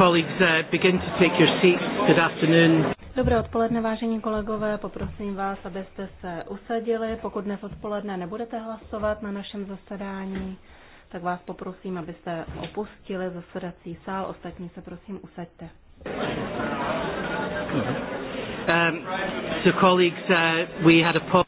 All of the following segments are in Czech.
Uh, Dobré odpoledne, vážení kolegové. Poprosím vás, abyste se usadili. Pokud dnes odpoledne nebudete hlasovat na našem zasedání, tak vás poprosím, abyste opustili zasedací sál. Ostatní se prosím usaďte. Um, so colleagues, uh, we had a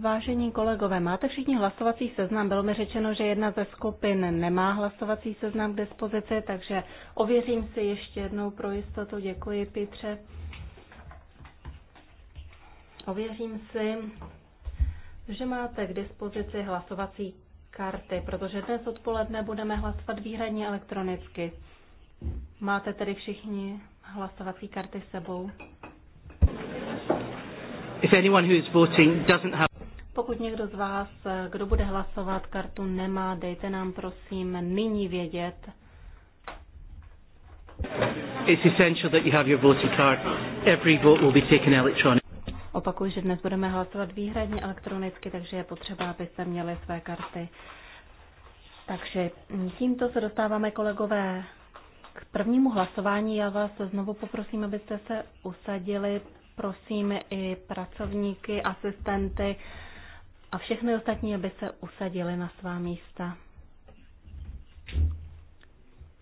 Vážení kolegové, máte všichni hlasovací seznam. Bylo mi řečeno, že jedna ze skupin nemá hlasovací seznam k dispozici, takže ověřím si ještě jednou pro jistotu. Děkuji, Petře. Ověřím si, že máte k dispozici hlasovací karty, protože dnes odpoledne budeme hlasovat výhradně elektronicky. Máte tedy všichni hlasovací karty sebou? If anyone who is voting doesn't have pokud někdo z vás, kdo bude hlasovat, kartu nemá, dejte nám prosím nyní vědět. It's essential that you have your voting card. Every vote will be taken Opakuju, že dnes budeme hlasovat výhradně elektronicky, takže je potřeba, abyste měli své karty. Takže tímto se dostáváme, kolegové, k prvnímu hlasování. Já vás znovu poprosím, abyste se usadili prosím i pracovníky, asistenty a všechny ostatní, aby se usadili na svá místa.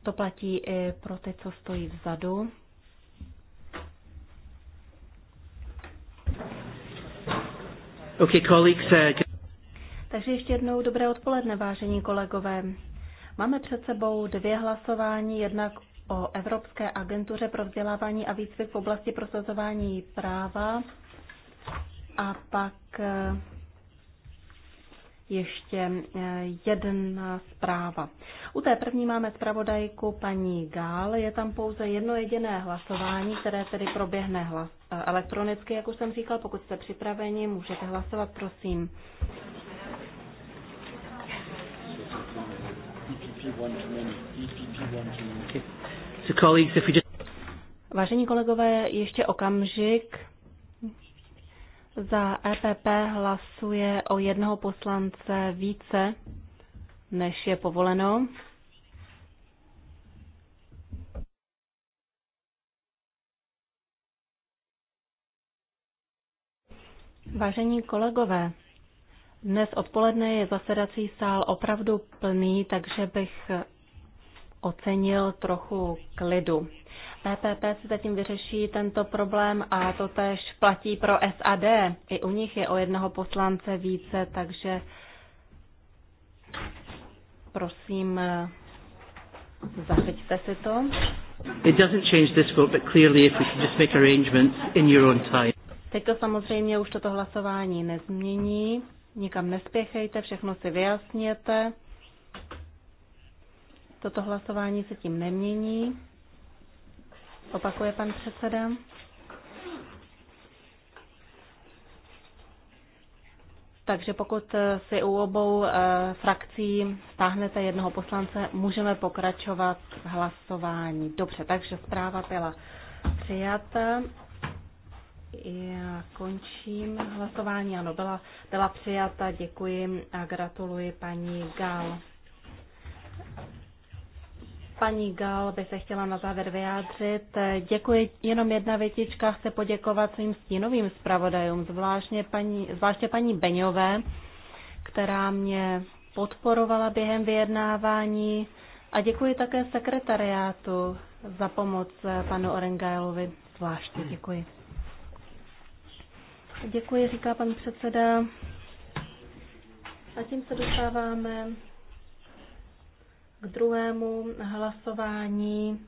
To platí i pro ty, co stojí vzadu. Okay, colleagues, uh... Takže ještě jednou dobré odpoledne, vážení kolegové. Máme před sebou dvě hlasování, jednak o Evropské agentuře pro vzdělávání a výcvik v oblasti prosazování práva a pak eh, ještě eh, jedna zpráva. U té první máme zpravodajku paní Gál. Je tam pouze jedno jediné hlasování, které tedy proběhne hlas eh, elektronicky, jak už jsem říkal. Pokud jste připraveni, můžete hlasovat, prosím. EPP one many. E one many. Vážení kolegové, ještě okamžik. Za EPP hlasuje o jednoho poslance více, než je povoleno. Vážení kolegové, dnes odpoledne je zasedací sál opravdu plný, takže bych ocenil trochu klidu. PPP e si zatím vyřeší tento problém a to tež platí pro SAD. I u nich je o jednoho poslance více, takže prosím, e, zachyťte si to. Teď to samozřejmě už toto hlasování nezmění. Nikam nespěchejte, všechno si vyjasněte. Toto hlasování se tím nemění. Opakuje pan předseda. Takže pokud si u obou eh, frakcí stáhnete jednoho poslance, můžeme pokračovat v hlasování. Dobře, takže zpráva byla přijata. Já končím hlasování. Ano, byla, byla přijata. Děkuji a gratuluji paní Gal. Paní Gal by se chtěla na závěr vyjádřit. Děkuji, jenom jedna větička. Chce poděkovat svým stínovým zpravodajům, zvláště paní, zvláště paní Beňové, která mě podporovala během vyjednávání. A děkuji také sekretariátu za pomoc panu Orengailovi. Zvláště děkuji. Děkuji, říká pan předseda. A tím se dostáváme k druhému hlasování,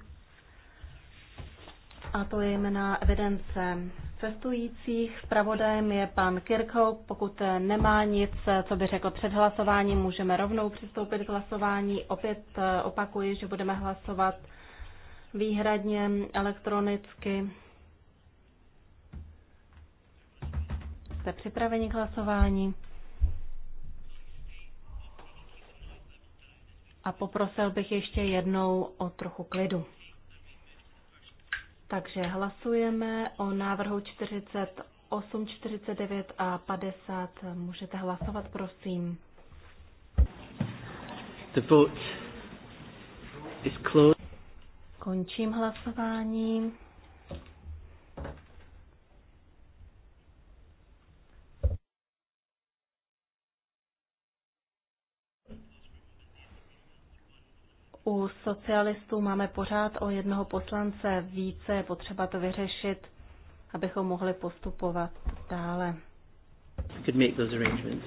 a to je jména evidence cestujících. Pravodajem je pan Kirchhoff. Pokud nemá nic, co by řekl před hlasováním, můžeme rovnou přistoupit k hlasování. Opět eh, opakuji, že budeme hlasovat výhradně elektronicky. Jste připraveni k hlasování? a poprosil bych ještě jednou o trochu klidu. Takže hlasujeme o návrhu 48, 49 a 50. Můžete hlasovat, prosím. The vote is closed. Končím hlasování. U socialistů máme pořád o jednoho poslance více, je potřeba to vyřešit, abychom mohli postupovat dále. Could make those arrangements.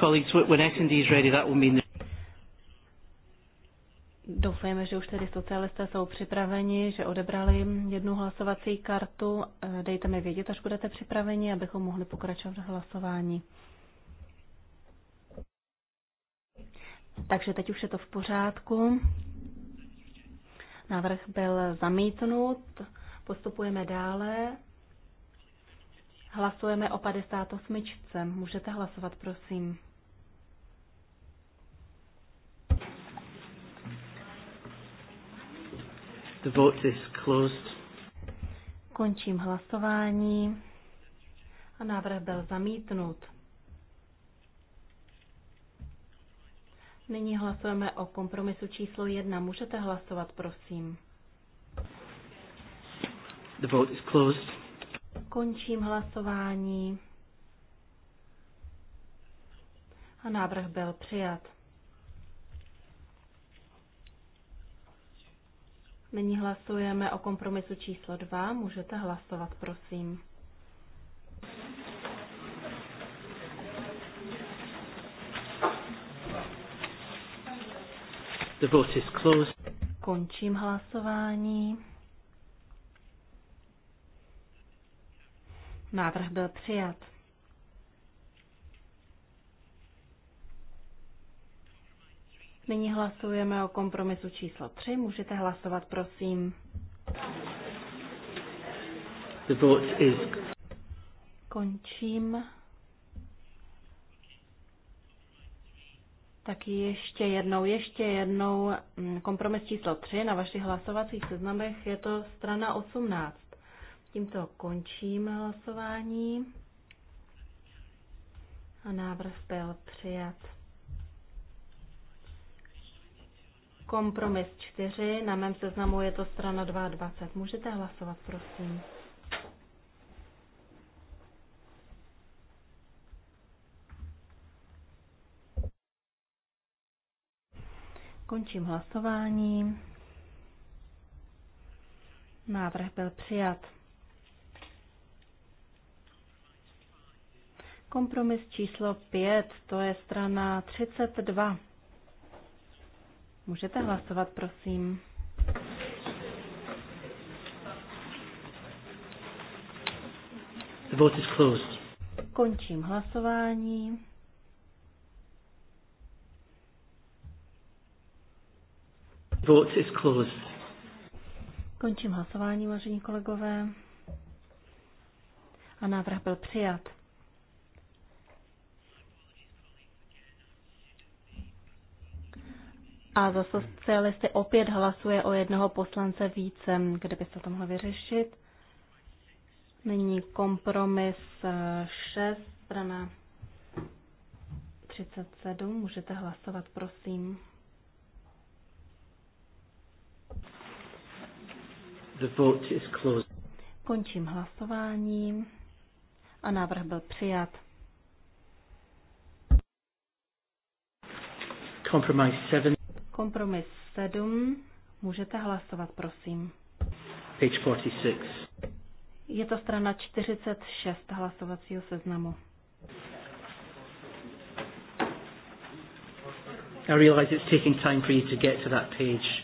colleagues, when S&D is ready, that will mean. Doufejme, že už tedy socialisté jsou připraveni, že odebrali jednu hlasovací kartu. Eh, dejte mi vědět, až budete připraveni, abychom mohli pokračovat v hlasování. Takže teď už je to v pořádku. Návrh byl zamítnut. Postupujeme dále. Hlasujeme o 58. Můžete hlasovat, prosím. The vote is closed. Končím hlasování a návrh byl zamítnut. Nyní hlasujeme o kompromisu číslo jedna. Můžete hlasovat, prosím. The vote is closed. Končím hlasování. A návrh byl přijat. Nyní hlasujeme o kompromisu číslo 2. Můžete hlasovat, prosím. The vote is closed. Končím hlasování. Návrh byl přijat. Nyní hlasujeme o kompromisu číslo 3. Můžete hlasovat, prosím. The vote is... Končím. Tak ještě jednou, ještě jednou mm, kompromis číslo 3 na vašich hlasovacích seznamech je to strana 18. Tímto končím hlasování a návrh byl přijat. Kompromis 4, na mém seznamu je to strana 22. Můžete hlasovat, prosím. Končím hlasování. Návrh byl přijat. Kompromis číslo 5, to je strana 32. Můžete hlasovat, prosím. The vote is closed. Končím hlasování. The vote is closed. Končím hlasování, vážení kolegové. A návrh byl přijat. a za socialisty opět hlasuje o jednoho poslance více. Kde byste to mohli vyřešit? Nyní kompromis 6, eh, strana 37. Můžete hlasovat, prosím. The vote is closed. Končím hlasování a návrh byl přijat. Compromise seven. Kompromis 7. Můžete hlasovat, prosím. Page 46. Je to strana 46 hlasovacího seznamu. I realize it's taking time for you to get to that page.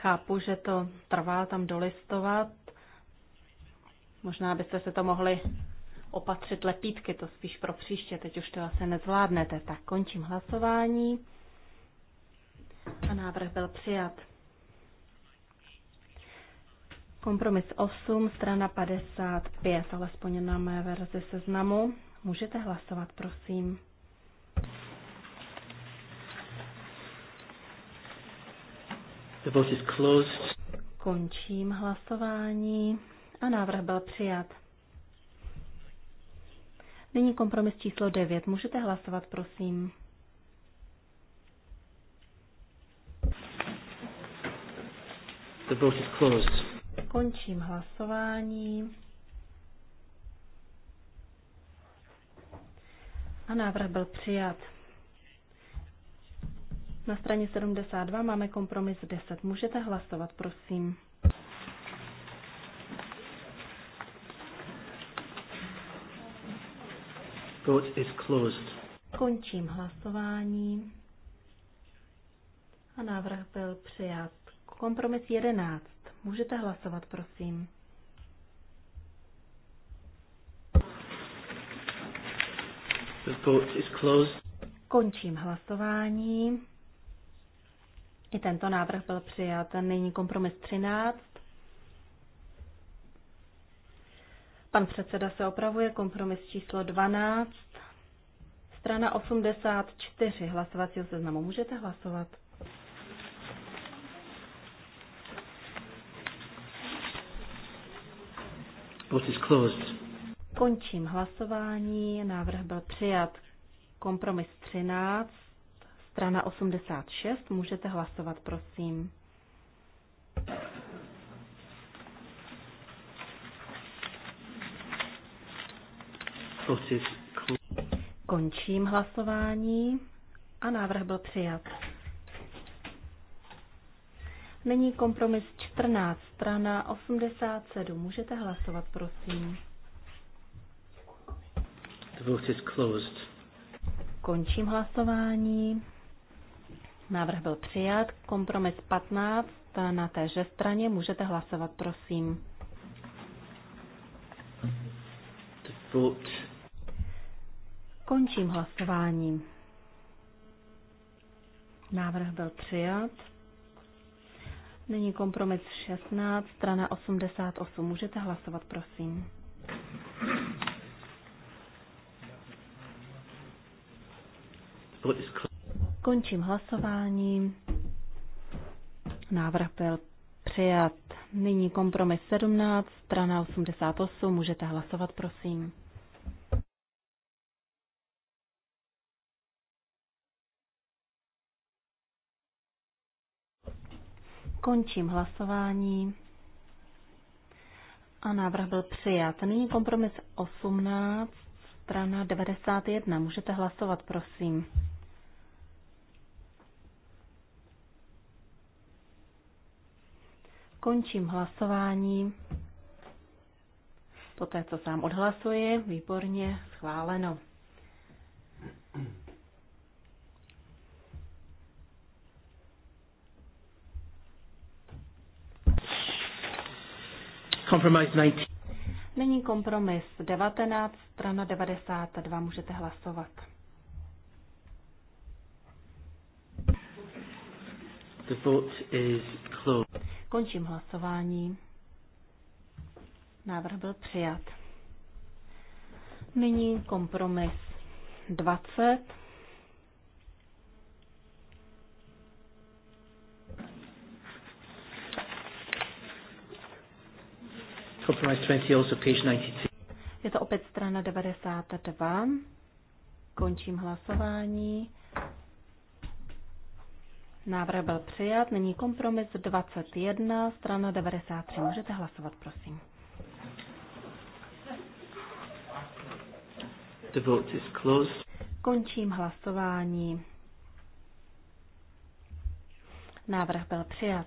Chápu, že to trvá tam dolistovat. Možná byste se to mohli opatřit lepítky, to spíš pro příště, teď už to asi nezvládnete. Tak končím hlasování. A návrh byl přijat. Kompromis 8, strana 55, alespoň na mé verzi seznamu. Můžete hlasovat, prosím. The vote is closed. Končím hlasování a návrh byl přijat. Nyní kompromis číslo 9. Můžete hlasovat, prosím. The vote is closed. Končím hlasování. A návrh byl přijat. Na straně 72 máme kompromis 10. Můžete hlasovat, prosím. Vote is closed. Končím hlasování. A návrh byl přijat. Kompromis 11. Můžete hlasovat, prosím. The vote is closed. Končím hlasování. I tento návrh byl přijat. Nyní kompromis 13. Pan předseda se opravuje. Kompromis číslo 12. Strana 84 hlasovacího seznamu. Můžete hlasovat. Vote is closed. Končím hlasování. Návrh byl přijat. Kompromis 13, strana 86. Můžete hlasovat, prosím. Končím hlasování a návrh byl přijat. Není kompromis 14, strana 87. Můžete hlasovat, prosím. The vote is closed. Končím hlasování. Návrh byl přijat. Kompromis 15 na téže straně. Můžete hlasovat, prosím. The vote. Končím hlasování. Návrh byl přijat. Nyní kompromis 16, strana 88. Můžete hlasovat, prosím. Končím hlasování. Návrh byl přijat. Nyní kompromis 17, strana 88. Můžete hlasovat, prosím. Končím hlasování. A návrh byl přijat. Nyní kompromis 18, strana 91. Můžete hlasovat, prosím. Končím hlasování. Poté, co sám odhlasuji, výborně schváleno. Není kompromis 19, strana 92, můžete hlasovat. The vote is closed. Končím hlasování. Návrh byl přijat. Nyní kompromis 20. 20, 92. Je to opět strana 92. Končím hlasování. Návrh byl přijat. není kompromis 21, strana 93. Můžete hlasovat, prosím. The vote is closed. Končím hlasování. Návrh byl přijat.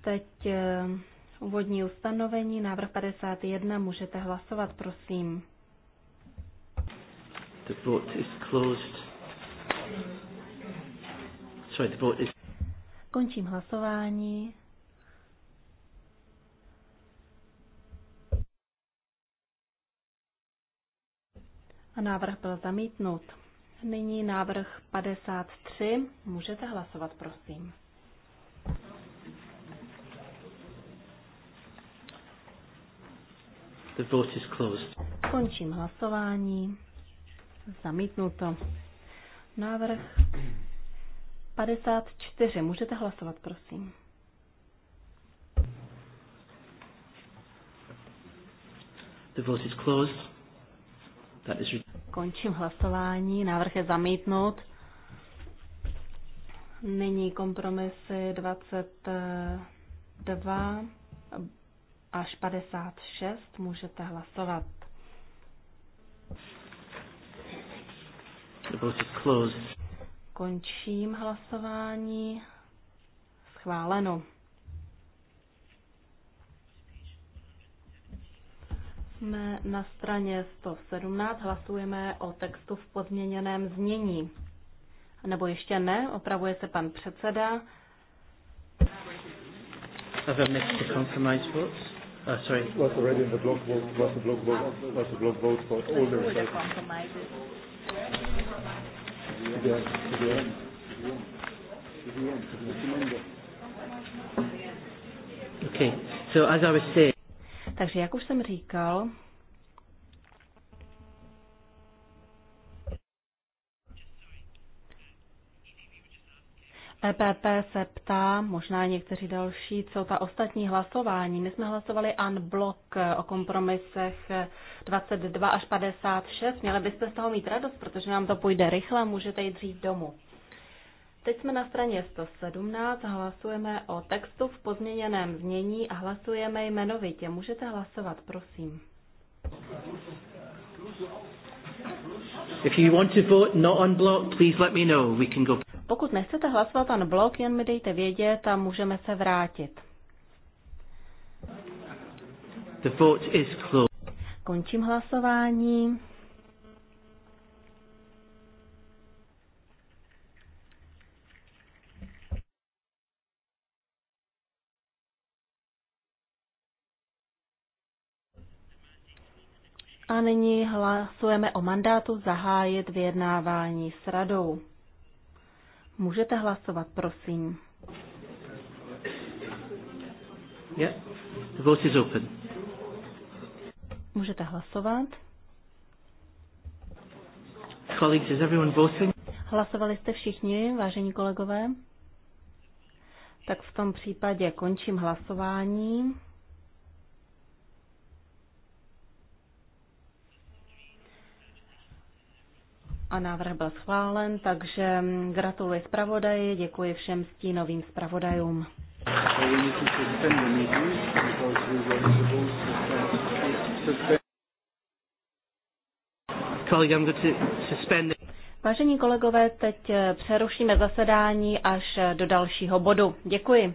Teď eh, Úvodní ustanovení, návrh 51, můžete hlasovat, prosím. The vote is closed. Sorry, the vote is... Končím hlasování. A návrh byl zamítnut. Nyní návrh 53. Můžete hlasovat, prosím. The vote is closed. Končím hlasování. Zamítnuto. Návrh 54. Můžete hlasovat, prosím. The vote is closed. That is... Končím hlasování. Návrh je zamítnut. Nyní kompromisy 22 až 56 můžete hlasovat. Končím hlasování. Schváleno. Jsme na straně 117, hlasujeme o textu v pozměněném znění. Nebo ještě ne, opravuje se pan předseda. Have a mix the compromise votes? Uh, sorry. It was already in the block vote. Was the block vote? Was the block vote for all the results? compromises. Yeah. Okay. So as I was saying. Takže jak už jsem říkal, EPP se ptá, možná někteří další, co ta ostatní hlasování. My jsme hlasovali an blok o kompromisech 22 až 56. Měli byste z toho mít radost, protože nám to půjde rychle, můžete jít dřív domů. Teď jsme na straně 117, hlasujeme o textu v pozměněném znění a hlasujeme jmenovitě. Můžete hlasovat, prosím. If you want to vote not on block, please let me know. We can go. Pokud nechcete hlasovat an blok, jen mi dejte vědět a můžeme se vrátit. The vote is closed. Končím hlasování. A nyní hlasujeme o mandátu zahájit vyjednávání s radou. Můžete hlasovat, prosím. Yeah. The vote is open. Můžete hlasovat. Colleagues, is everyone voting? Hlasovali jste všichni, vážení kolegové? Tak v tom případě končím hlasování. a návrh byl schválen, takže gratuluji zpravodaji, děkuji všem stínovým zpravodajům. Vážení kolegové, teď přerušíme zasedání až do dalšího bodu. Děkuji.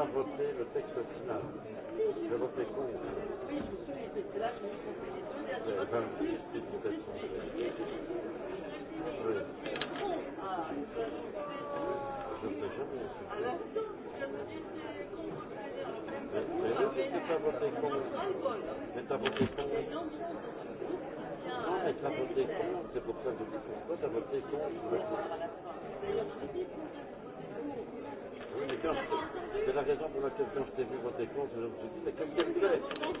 pas voté le texte final. Je votais contre. Je ne peux jamais. Mais non, tu n'as voté contre. Mais tu voté contre. Non, mais tu voté contre. C'est pour ça que je dis pourquoi tu voté contre je, c'est la raison pour laquelle quand je t'ai vu voter contre, je me suis dit, mais qu'est-ce qu'elle fait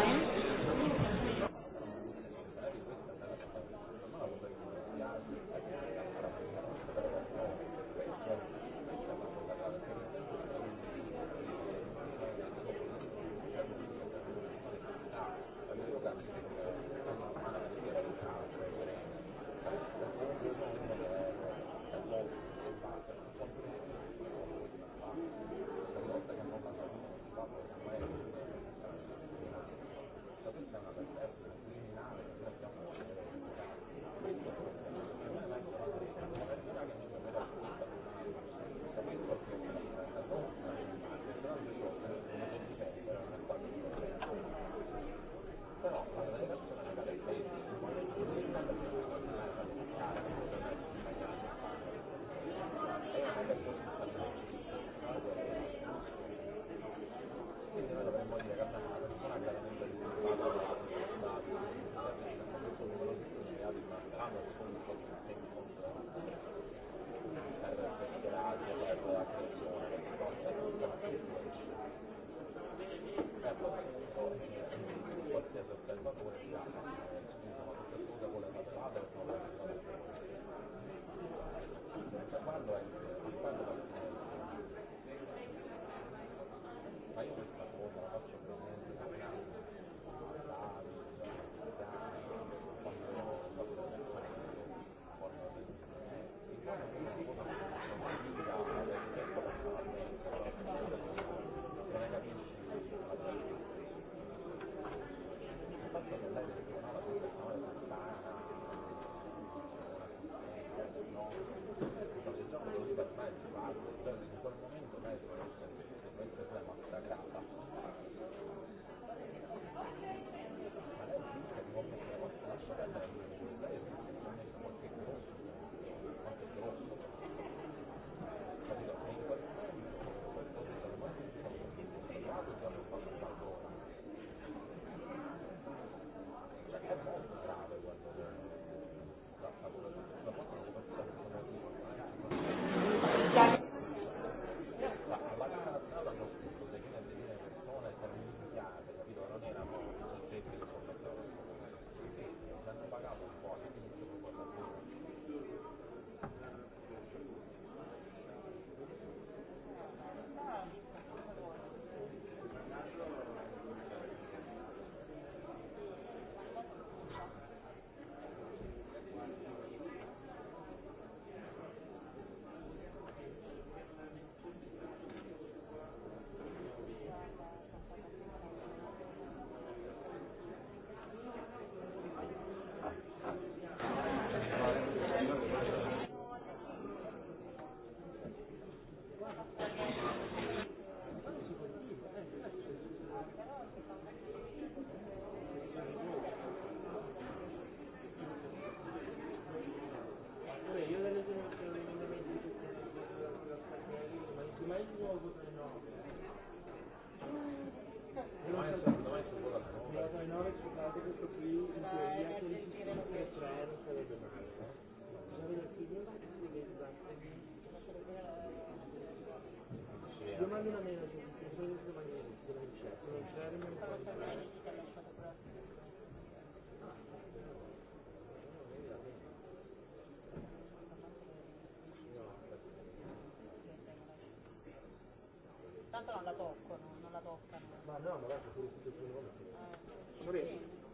Tanto non la toccano, non la toccano. Ma no, ma guarda, pure se tu non ah, Amore,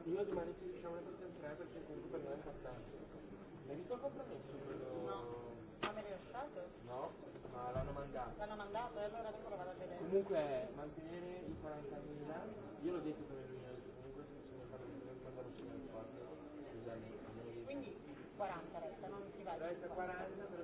io domani ci diciamo le cose in tre perché comunque per noi è importante. Mi hai visto il compromesso? Quello... No. Ma me l'hai lasciato? No, ma l'hanno mandato. L'hanno mandato e allora dopo lo vado a vedere. Comunque mantenere 40.000, io l'ho detto per il comunque se ne parlo quando lo sono scusami. Quindi 40 resta, non si va. 40, però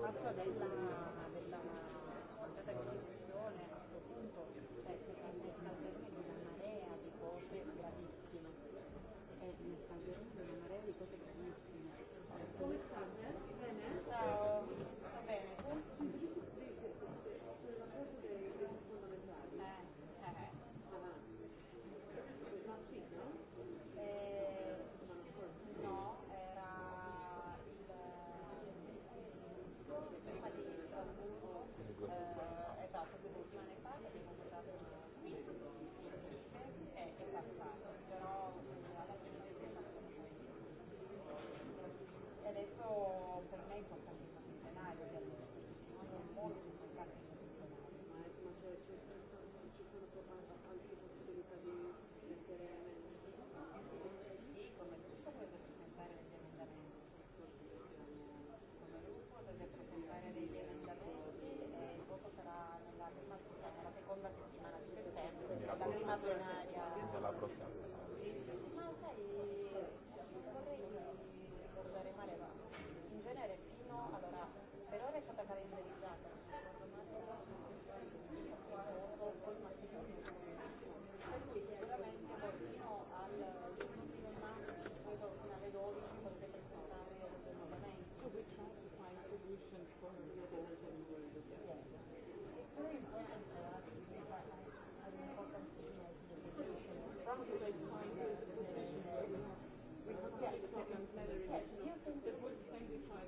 fatto della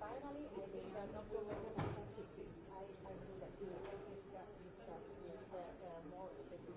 finally, I think that Dr. Roman I, I think that he is the, the more effective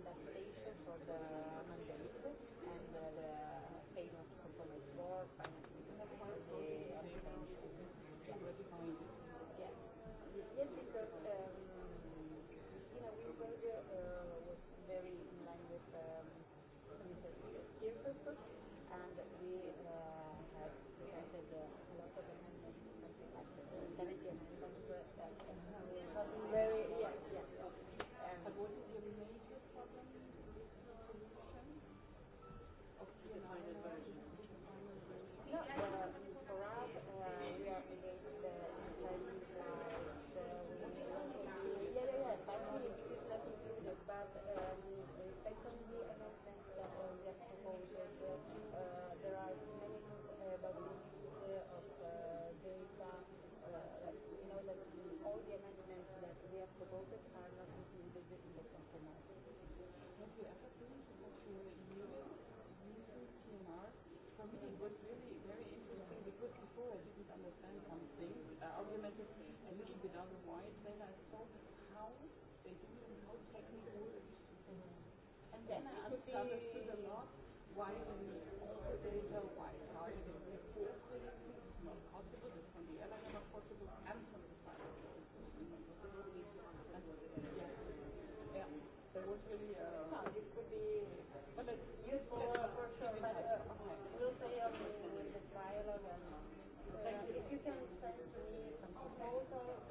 point that I thought how they do how technical it is. And then I understood a lot why the also data, why targeted before is not possible, it's from the airline not possible, and from the side of the yeah, there was really Uh, no, this could be but it's useful for sure, but uh, okay. we'll say on um, the, the dialogue um, and... Uh, if you can send me some proposals,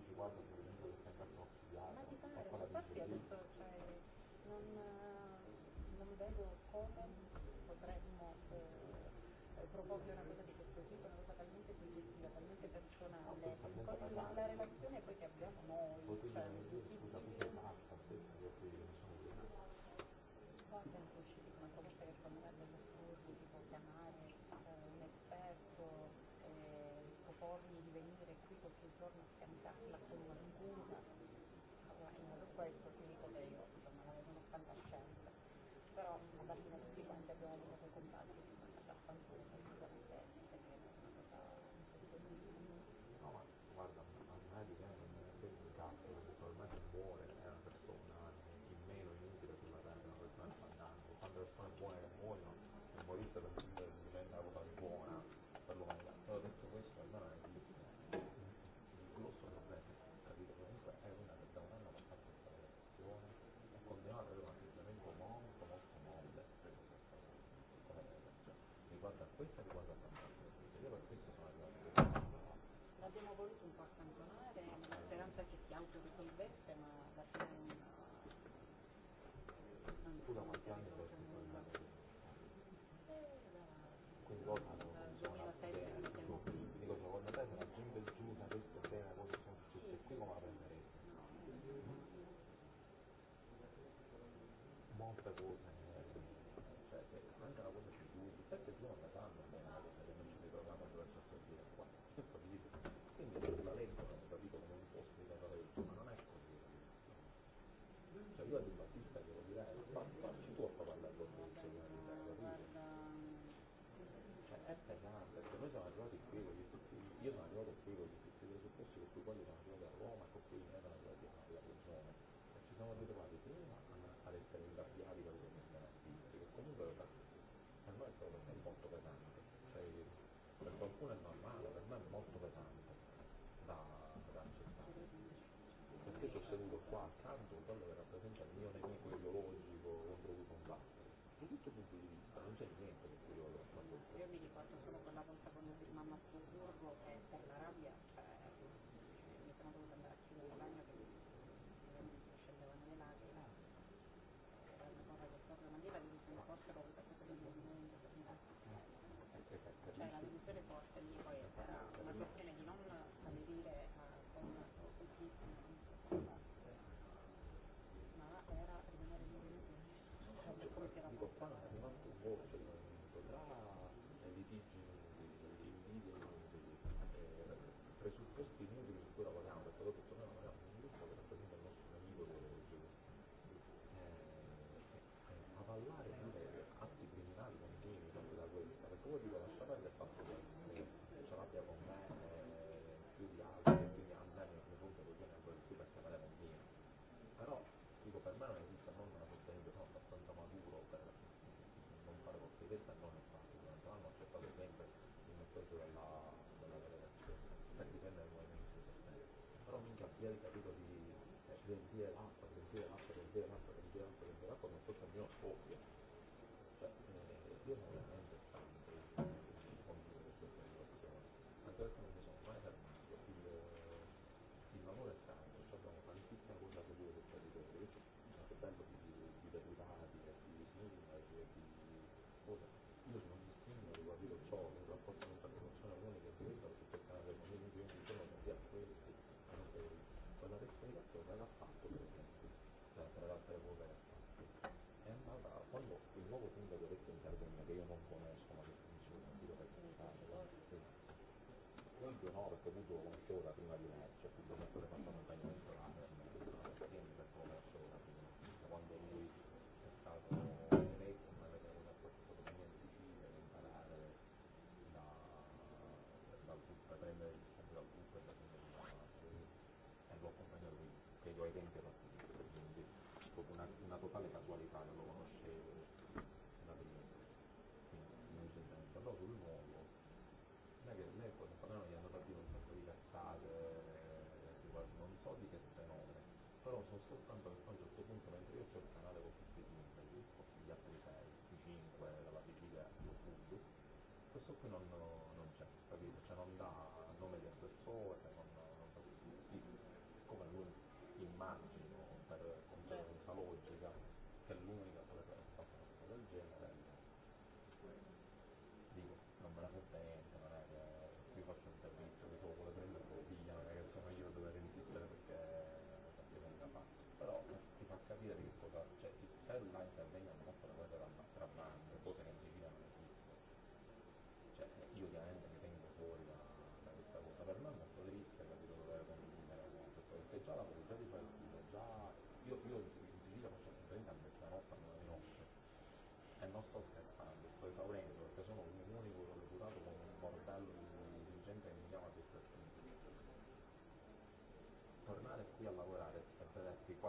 adesso cioè, non, non vedo come potremmo eh, proporre una cosa di questo tipo, una cosa talmente soggettiva, talmente personale, con la, la relazione poi che abbiamo noi, cioè, qua siamo usciti con una proposta che secondo me è degli assurdi, tipo chiamare eh, un esperto, eh, proporgli di venire qui qualche giorno si autorisolvesse, ma va bene un... 主播你好。morte, avuto come ancora prima di me, cioè,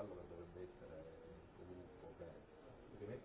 quello che dovrebbe essere il tuo gruppo, che deve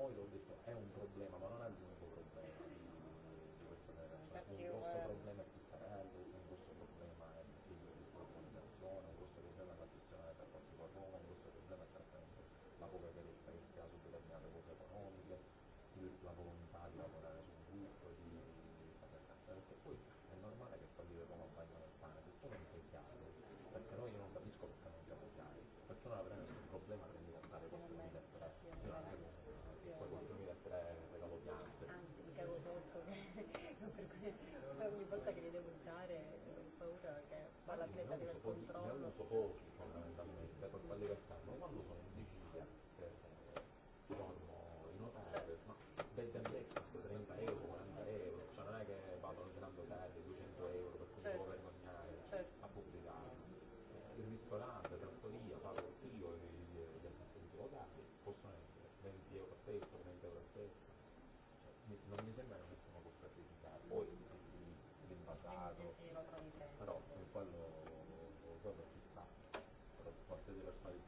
noi l'ho detto è un problema, ma non a abbiamo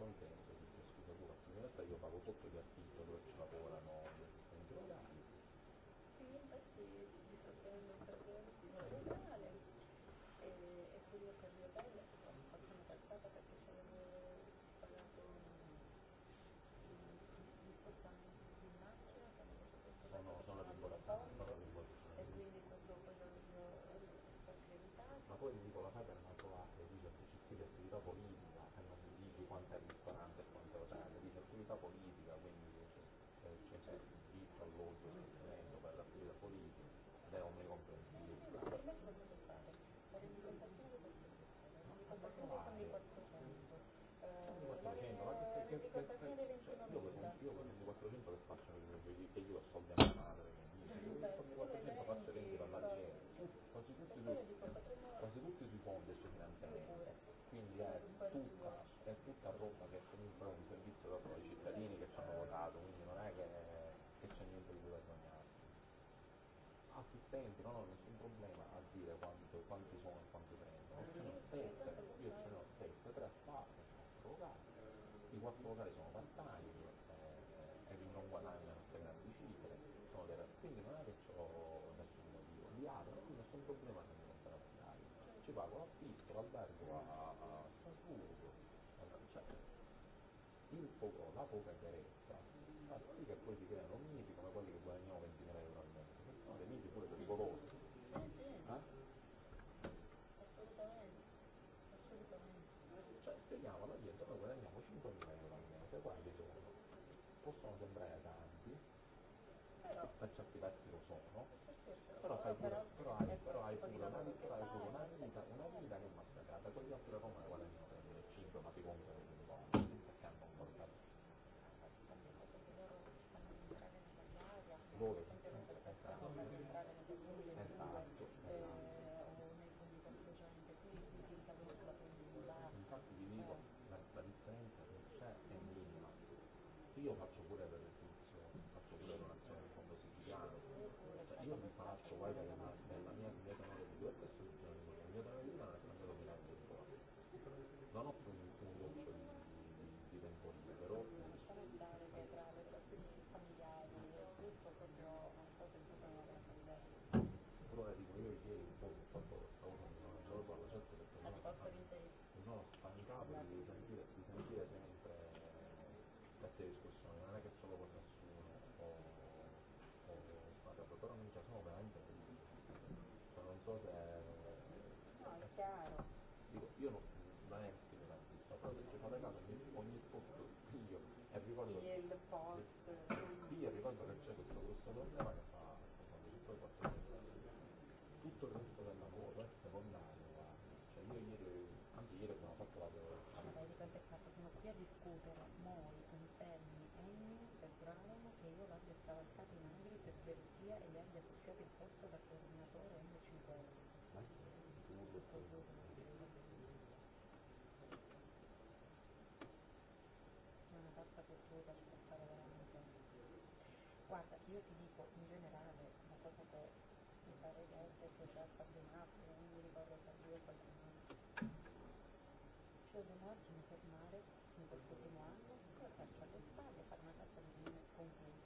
contento di questo regolazione, io pago tutto gli affitto dove ci lavora vedi che io so madre, quasi tutti quasi tutti quindi è tutta, è tutta Roma che comunque un servizio cittadini che ci hanno votato, quindi non è che, che c'è niente di cui vergognarsi. Assistenti, non ho nessun problema a dire quanti sono poca chiarezza, ma quelli che poi si creano miti come quelli che guadagnano 20.000 euro al mese, sono dei miti pure pericolosi. Eh, sì. eh? Assolutamente, assolutamente. Cioè spieghiamo alla no, gente, noi guadagniamo 5.000 euro al mese, quanti sono? Possono sembrare tanti, però, per certi versi lo sono, però, però, però, però, hai, però, hai, però, hai pure, però hai pure adatta cultura per fare veramente guarda io ti dico in generale una cosa che mi pare di essere già stato in atto non mi ricordo per due o qualche cioè di morte mi fermare in questo primo anno con la alle spalle fare una tazza di vino e con cui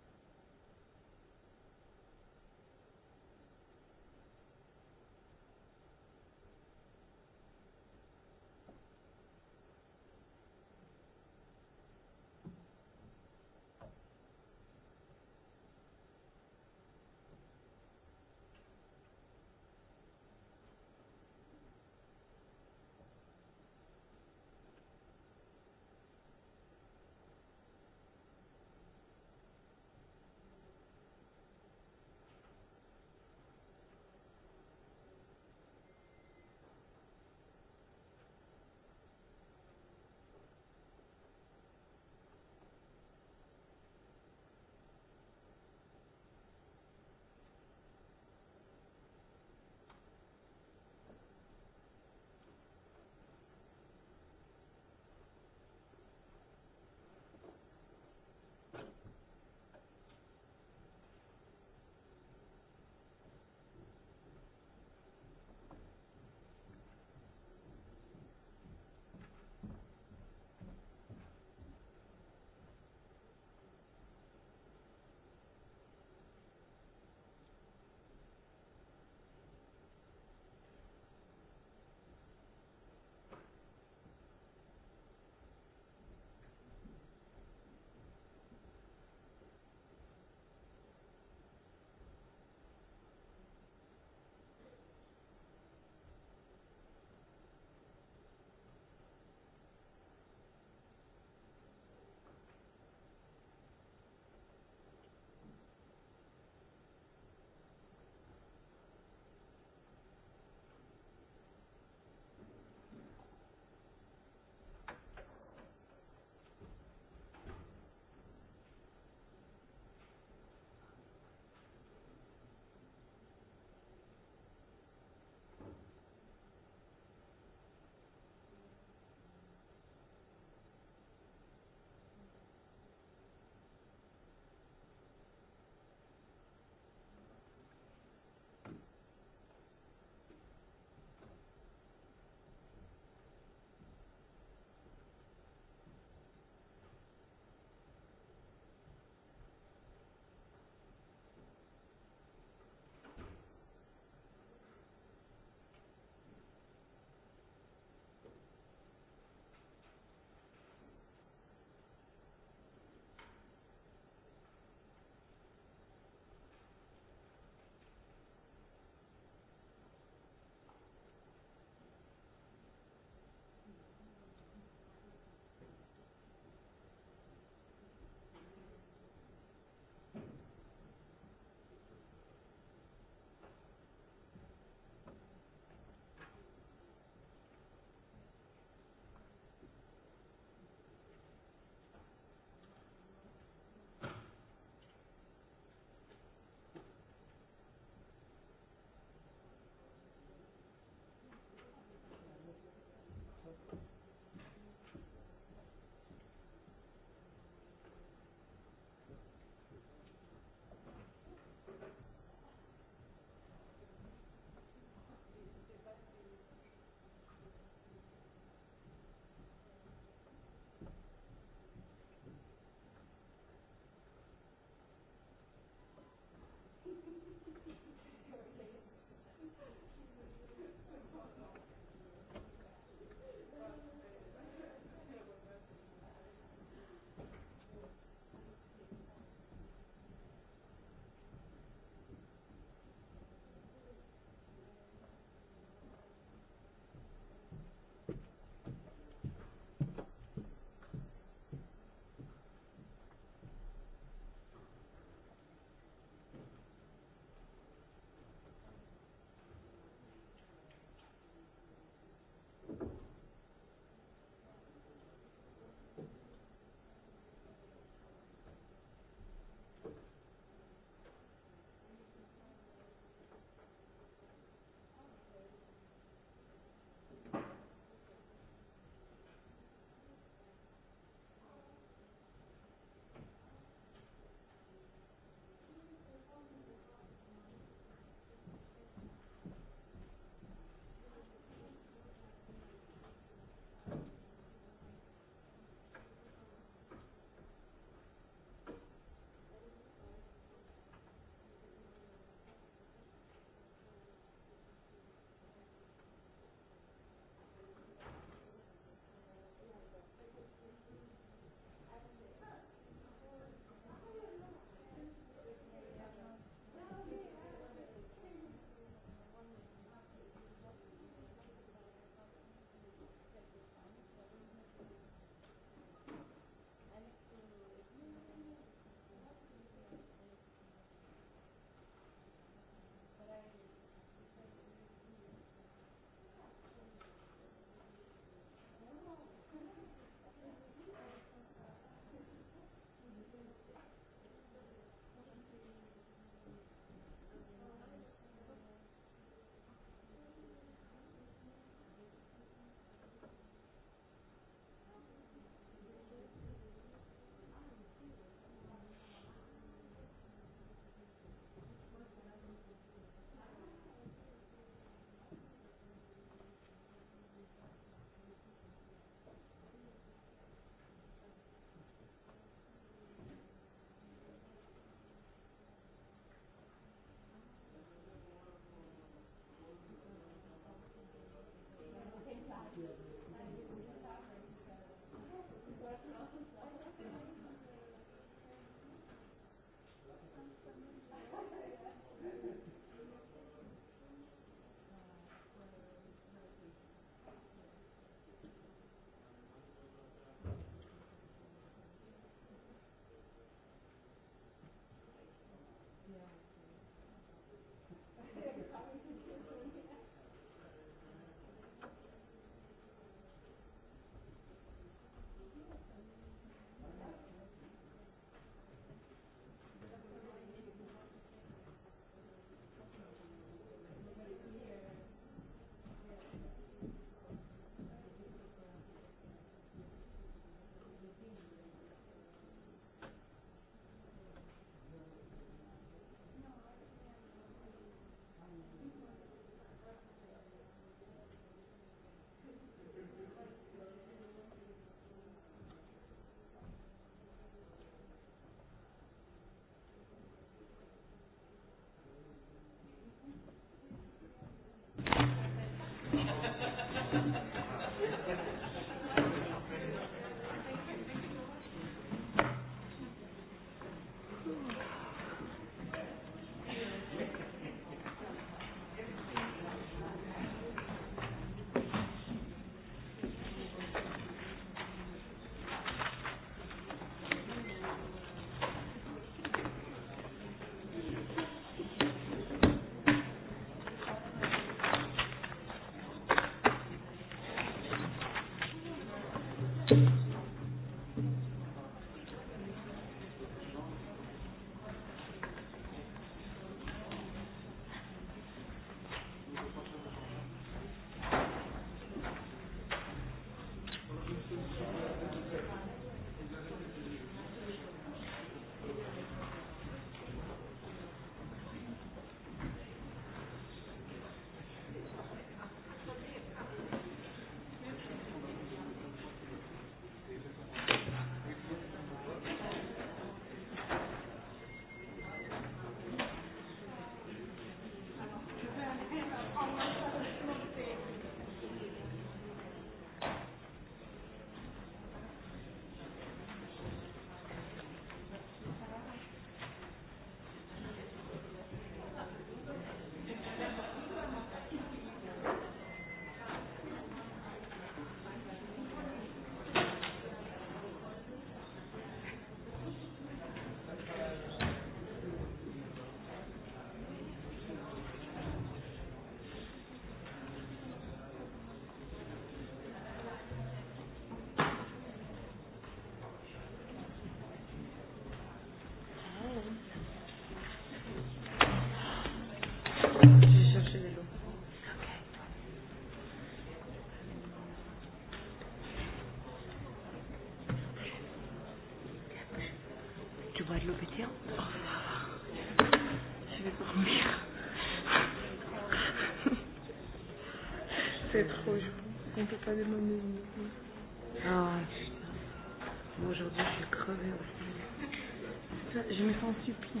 ça, je me sens stupide.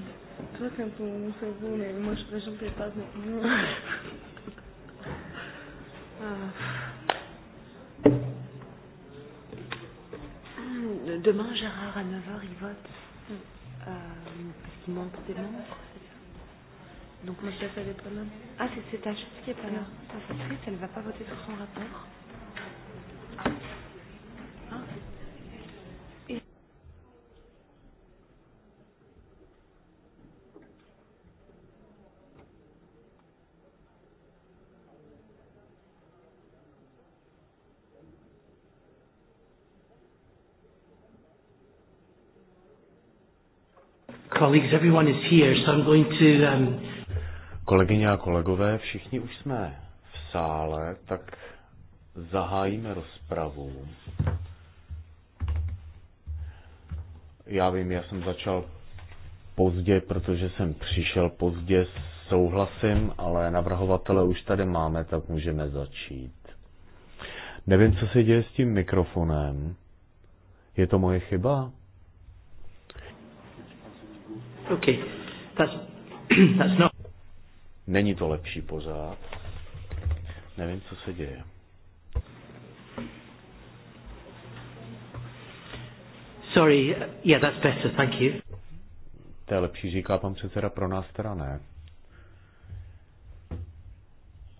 Toi, quand ton cerveau, mais moi, je ne fais pas. Mais... ah. Demain, Gérard, à 9h, il vote. Mm. Euh, parce qu'il manque des membres. Donc, moi, je l'appelle pas là. Ah, c'est ta chose qui est pas là. Ça, ah, c'est triste, elle ne va pas voter sur son rapport. colleagues, everyone is here, so I'm going to... Um... Kolegyně a kolegové, všichni už jsme v sále, tak zahájíme rozpravu. Já vím, já jsem začal pozdě, protože jsem přišel pozdě, souhlasím, ale navrhovatele už tady máme, tak můžeme začít. Nevím, co se děje s tím mikrofonem. Je to moje chyba? Okay. That's, that's not... Není to lepší pořád. Nevím, co se děje. Sorry, yeah, that's better, thank you. To je lepší, říká pan předseda, pro nás teda ne.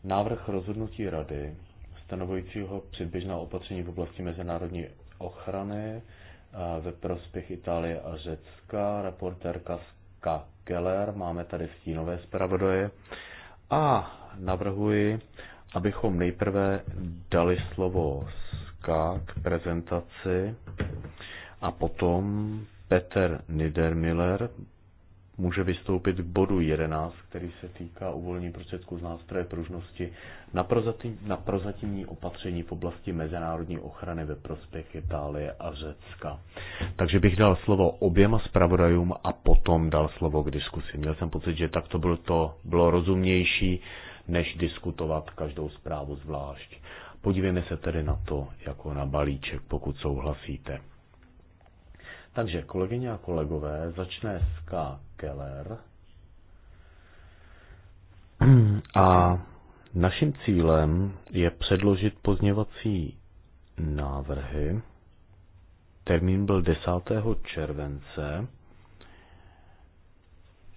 Návrh rozhodnutí rady stanovujícího předběžná opatření v oblasti mezinárodní ochrany ve prospěch Itálie a Řecka, reportérka Ska Keller, máme tady stínové zpravodaje. A navrhuji, abychom nejprve dali slovo Ska k prezentaci a potom Peter Niedermiller může vystoupit k bodu 11, který se týká uvolnění prostředků z nástroje pružnosti na, prozatím, na prozatímní opatření v oblasti mezinárodní ochrany ve prospěch Itálie a Řecka. Takže bych dal slovo oběma zpravodajům a potom dal slovo k diskusi. Měl jsem pocit, že tak to bylo, to, bylo rozumnější, než diskutovat každou zprávu zvlášť. Podívejme se tedy na to jako na balíček, pokud souhlasíte. Takže kolegyně a kolegové, začne SK Keller. A naším cílem je předložit pozněvací návrhy. Termín byl 10. července.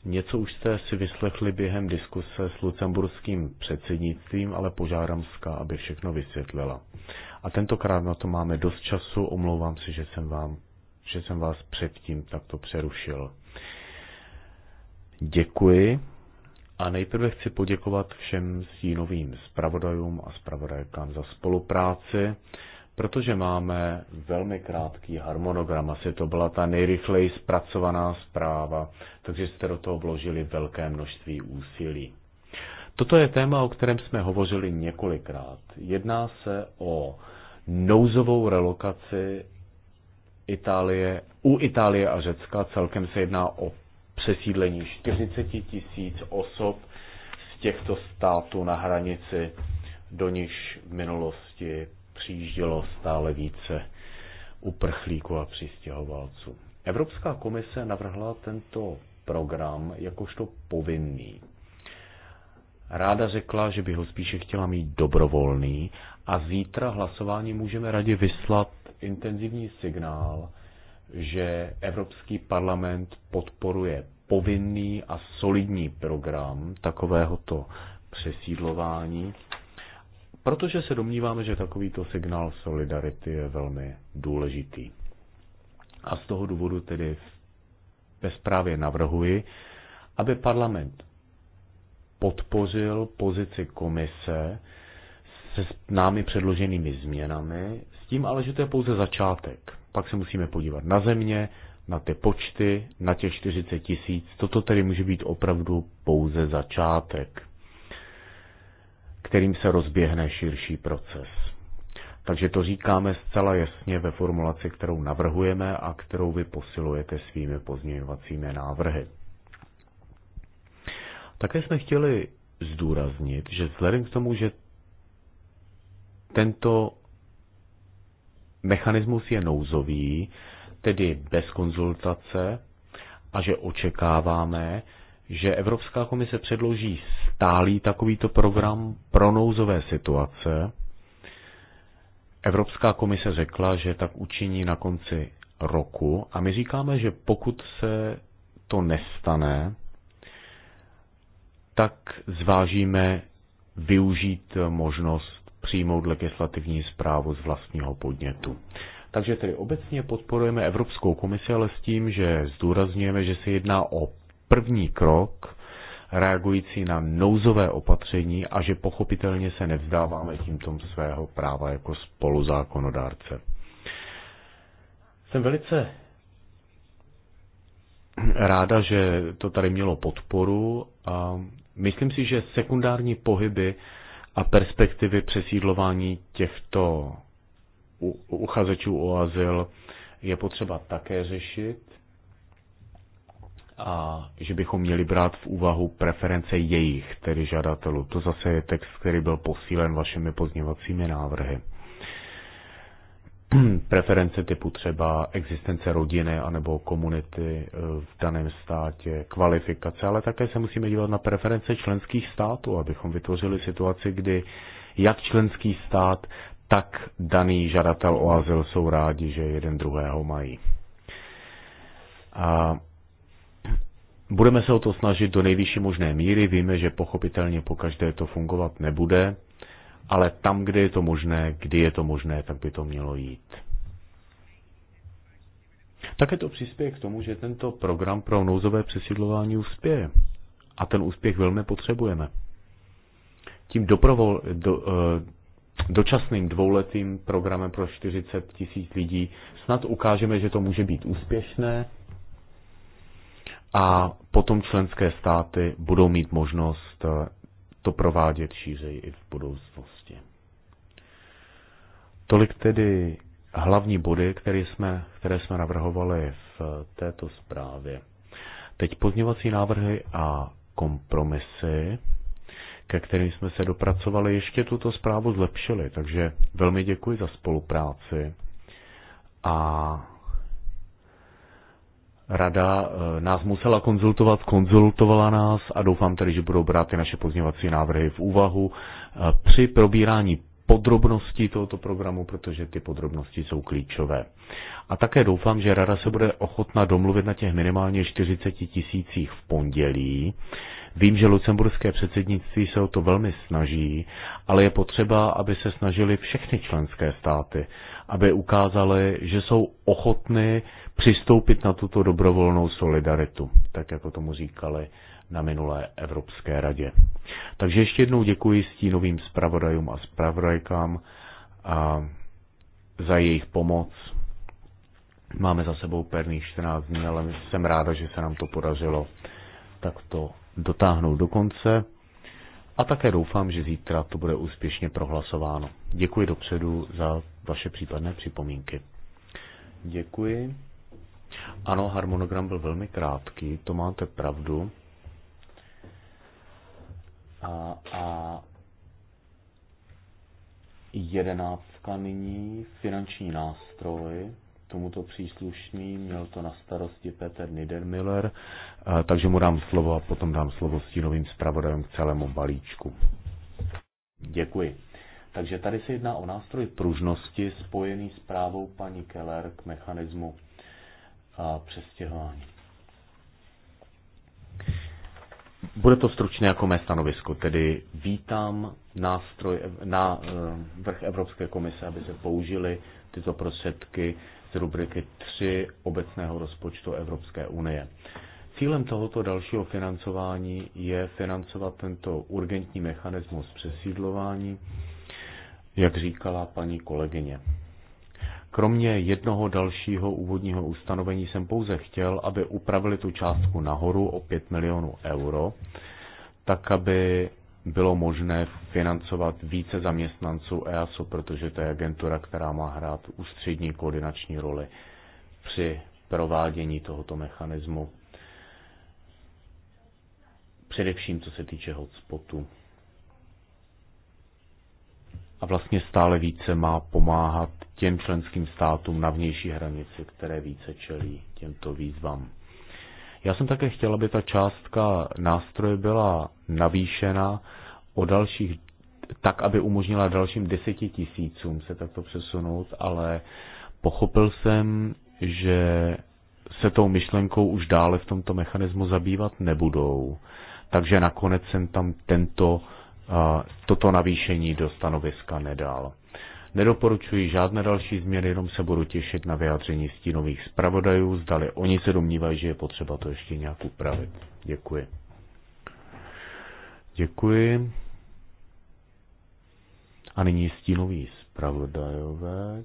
Něco už jste si vyslechli během diskuse s lucemburským předsednictvím, ale požádám Ska, aby všechno vysvětlila. A tentokrát na to máme dost času, omlouvám se, že jsem, vám, že jsem vás předtím takto přerušil. Děkuji. A nejprve chci poděkovat všem stínovým zpravodajům a zpravodajkám za spolupráci, protože máme velmi krátký harmonogram. Asi to byla ta nejrychleji zpracovaná zpráva, takže jste do toho vložili velké množství úsilí. Toto je téma, o kterém jsme hovořili několikrát. Jedná se o nouzovou relokaci Itálie, u Itálie a Řecka celkem se jedná o přesídlení 40 tisíc osob z těchto států na hranici, do níž v minulosti přijíždělo stále více uprchlíků a přistěhovalců. Evropská komise navrhla tento program jakožto povinný. Ráda řekla, že by ho spíše chtěla mít dobrovolný a zítra hlasování můžeme radě vyslat intenzivní signál, že Evropský parlament podporuje povinný a solidní program takovéhoto přesídlování, protože se domníváme, že takovýto signál solidarity je velmi důležitý. A z toho důvodu tedy ve zprávě navrhuji, aby parlament podpořil pozici komise se námi předloženými změnami, s tím ale, že to je pouze začátek pak se musíme podívat na země, na ty počty, na těch 40 tisíc. Toto tedy může být opravdu pouze začátek, kterým se rozběhne širší proces. Takže to říkáme zcela jasně ve formulaci, kterou navrhujeme a kterou vy posilujete svými pozměňovacími návrhy. Také jsme chtěli zdůraznit, že vzhledem k tomu, že tento mechanismus je nouzový, tedy bez konzultace, a že očekáváme, že Evropská komise předloží stálý takovýto program pro nouzové situace. Evropská komise řekla, že tak učiní na konci roku a my říkáme, že pokud se to nestane, tak zvážíme využít možnost přijmout legislativní zprávu z vlastního podnětu. Takže tedy obecně podporujeme Evropskou komisi, ale s tím, že zdůrazňujeme, že se jedná o první krok reagující na nouzové opatření a že pochopitelně se nevzdáváme tímto svého práva jako spoluzákonodárce. Jsem velice ráda, že to tady mělo podporu a myslím si, že sekundární pohyby a perspektivy přesídlování těchto uchazečů o azyl je potřeba také řešit a že bychom měli brát v úvahu preference jejich, tedy žadatelů. To zase je text, který byl posílen vašimi pozněvacími návrhy. preference typu třeba existence rodiny anebo komunity eh, v daném státě, kvalifikace, ale také se musíme dívat na preference členských států, abychom vytvořili situaci, kdy jak členský stát, tak daný žadatel o azyl jsou rádi, že jeden druhého mají. A budeme se o to snažit do nejvyšší možné míry. Víme, že pochopitelně po každé to fungovat nebude, ale tam, kde je to možné, kdy je to možné, tak by to mělo jít. Také to přispěje k tomu, že tento program pro nouzové přesídlování uspěje. A ten úspěch velmi potřebujeme. Tím doprovol, do, eh, dočasným dvouletým programem pro 40 tisíc lidí snad ukážeme, že to může být úspěšné a potom členské státy budou mít možnost eh, to provádět šířej i v budoucnosti. Tolik tedy hlavní body, které jsme, které jsme navrhovali v této zprávě. Teď pozněvací návrhy a kompromisy, ke kterým jsme se dopracovali, ještě tuto zprávu zlepšili, takže velmi děkuji za spolupráci a Rada eh, nás musela konzultovat, konzultovala nás a doufám tedy, že budou brát ty naše pozněvací návrhy v úvahu eh, při probírání podrobnosti tohoto programu, protože ty podrobnosti jsou klíčové. A také doufám, že Rada se bude ochotna domluvit na těch minimálně 40 tisících v pondělí. Vím, že lucemburské předsednictví se o to velmi snaží, ale je potřeba, aby se snažili všechny členské státy, aby ukázali, že jsou ochotny přistoupit na tuto dobrovolnou solidaritu, tak jako tomu říkali na minulé Evropské radě. Takže ještě jednou děkuji stínovým zpravodajům a zpravodajkám a za jejich pomoc. Máme za sebou pevných 14 dní, ale jsem ráda, že se nám to podařilo takto dotáhnout do konce. A také doufám, že zítra to bude úspěšně prohlasováno. Děkuji dopředu za vaše případné připomínky. Děkuji. Ano, harmonogram byl velmi krátký, to máte pravdu. A, a jedenáctka nyní, finanční nástroj, tomuto příslušný, měl to na starosti Peter Niedermiller, takže mu dám slovo a potom dám slovo stínovým zpravodajům k celému balíčku. Děkuji. Takže tady se jedná o nástroj pružnosti spojený s právou paní Keller k mechanismu přestěhování. Bude to stručné jako mé stanovisko, tedy vítám nástroj na eh, vrch Evropské komise, aby se použili tyto prostředky z rubriky 3 obecného rozpočtu Evropské unie. Cílem tohoto dalšího financování je financovat tento urgentní mechanismus přesídlování, jak říkala paní kolegyně. Kromě jednoho dalšího úvodního ustanovení jsem pouze chtěl, aby upravili tu částku nahoru o 5 milionů euro, tak aby bylo možné financovat více zaměstnanců EASO, protože to je agentura, která má hrát ústřední koordinační roli při provádění tohoto mechanismu. Především co se týče hotspotu a vlastně stále více má pomáhat těm členským státům na vnější hranici, které více čelí těmto výzvám. Já jsem také chtěla, aby ta částka nástroje byla navýšena o dalších, tak, aby umožnila dalším deseti tisícům se takto přesunout, ale pochopil jsem, že se tou myšlenkou už dále v tomto mechanismu zabývat nebudou. Takže nakonec jsem tam tento toto navýšení do stanoviska nedal. Nedoporučuji žádné další změny, jenom se budu těšit na vyjádření stínových zpravodajů, zdali oni se domnívají, že je potřeba to ještě nějak upravit. Děkuji. Děkuji. A nyní stínový zpravodajové.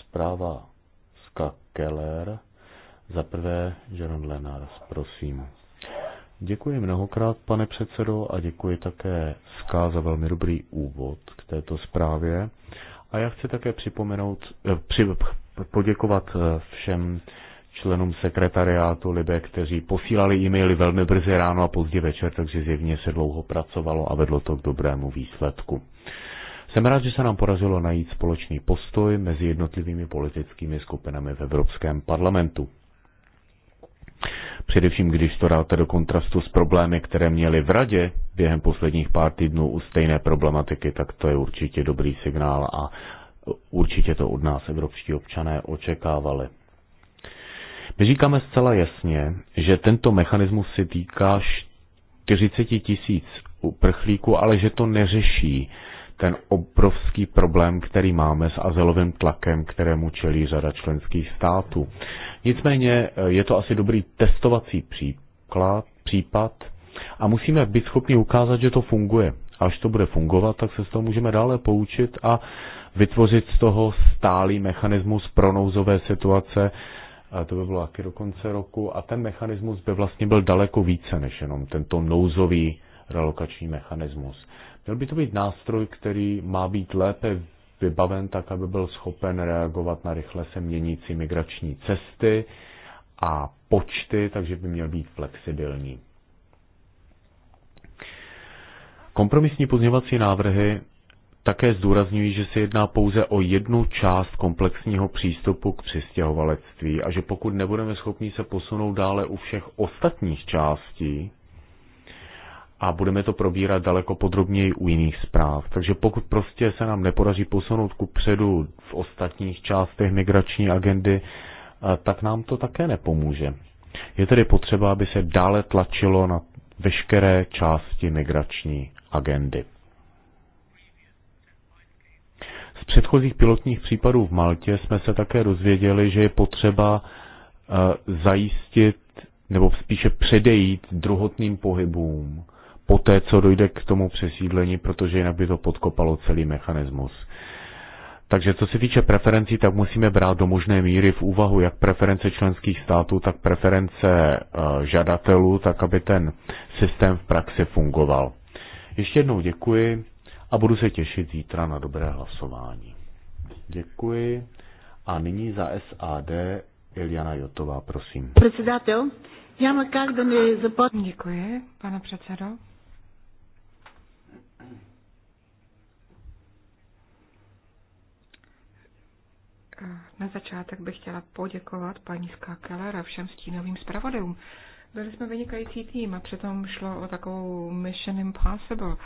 Zpráva Ska Keller. Za prvé, Jaron Lenars, prosím. Děkuji mnohokrát, pane předsedo, a děkuji také Ská za velmi dobrý úvod k této zprávě. A já chci také připomenout, eh, při, poděkovat eh, všem členům sekretariátu Libe, kteří posílali e-maily velmi brzy ráno a pozdě večer, takže zjevně se dlouho pracovalo a vedlo to k dobrému výsledku. Jsem rád, že se nám podařilo najít společný postoj mezi jednotlivými politickými skupinami v Evropském parlamentu. Především, když to dáte do kontrastu s problémy, které měli v radě během posledních pár týdnů u stejné problematiky, tak to je určitě dobrý signál a určitě to od nás evropští občané očekávali. My říkáme zcela jasně, že tento mechanismus se týká 40 tisíc uprchlíků, ale že to neřeší ten obrovský problém, který máme s azylovým tlakem, kterému čelí řada členských států. Nicméně eh, je to asi dobrý testovací příklad, případ a musíme být schopni ukázat, že to funguje. A až to bude fungovat, tak se z toho můžeme dále poučit a vytvořit z toho stálý mechanismus pro nouzové situace, a to by bylo taky do konce roku, a ten mechanismus by vlastně byl daleko více než jenom tento nouzový relokační mechanismus. Měl by to být nástroj, který má být lépe vybaven tak, aby byl schopen reagovat na rychle se měnící migrační cesty a počty, takže by měl být flexibilní. Kompromisní pozměvací návrhy také zdůrazňují, že se jedná pouze o jednu část komplexního přístupu k přistěhovalectví a že pokud nebudeme schopni se posunout dále u všech ostatních částí, a budeme to probírat daleko podrobněji u jiných zpráv. Takže pokud prostě se nám nepodaří posunout ku předu v ostatních částech migrační agendy, eh, tak nám to také nepomůže. Je tedy potřeba, aby se dále tlačilo na veškeré části migrační agendy. Z předchozích pilotních případů v Maltě jsme se také dozvěděli, že je potřeba eh, zajistit nebo spíše předejít druhotným pohybům poté, co dojde k tomu přesídlení, protože jinak by to podkopalo celý mechanismus. Takže co se týče preferencí, tak musíme brát do možné míry v úvahu jak preference členských států, tak preference eh, žadatelů, tak aby ten systém v praxi fungoval. Ještě jednou děkuji a budu se těšit zítra na dobré hlasování. Děkuji. A nyní za SAD Iliana Jotová, prosím. Předsedatel, já mám každý Děkuji, pane předsedo. na začátek bych chtěla poděkovat paní Skakeler a všem stínovým zpravodajům. Byli jsme vynikající tým a přitom šlo o takovou mission impossible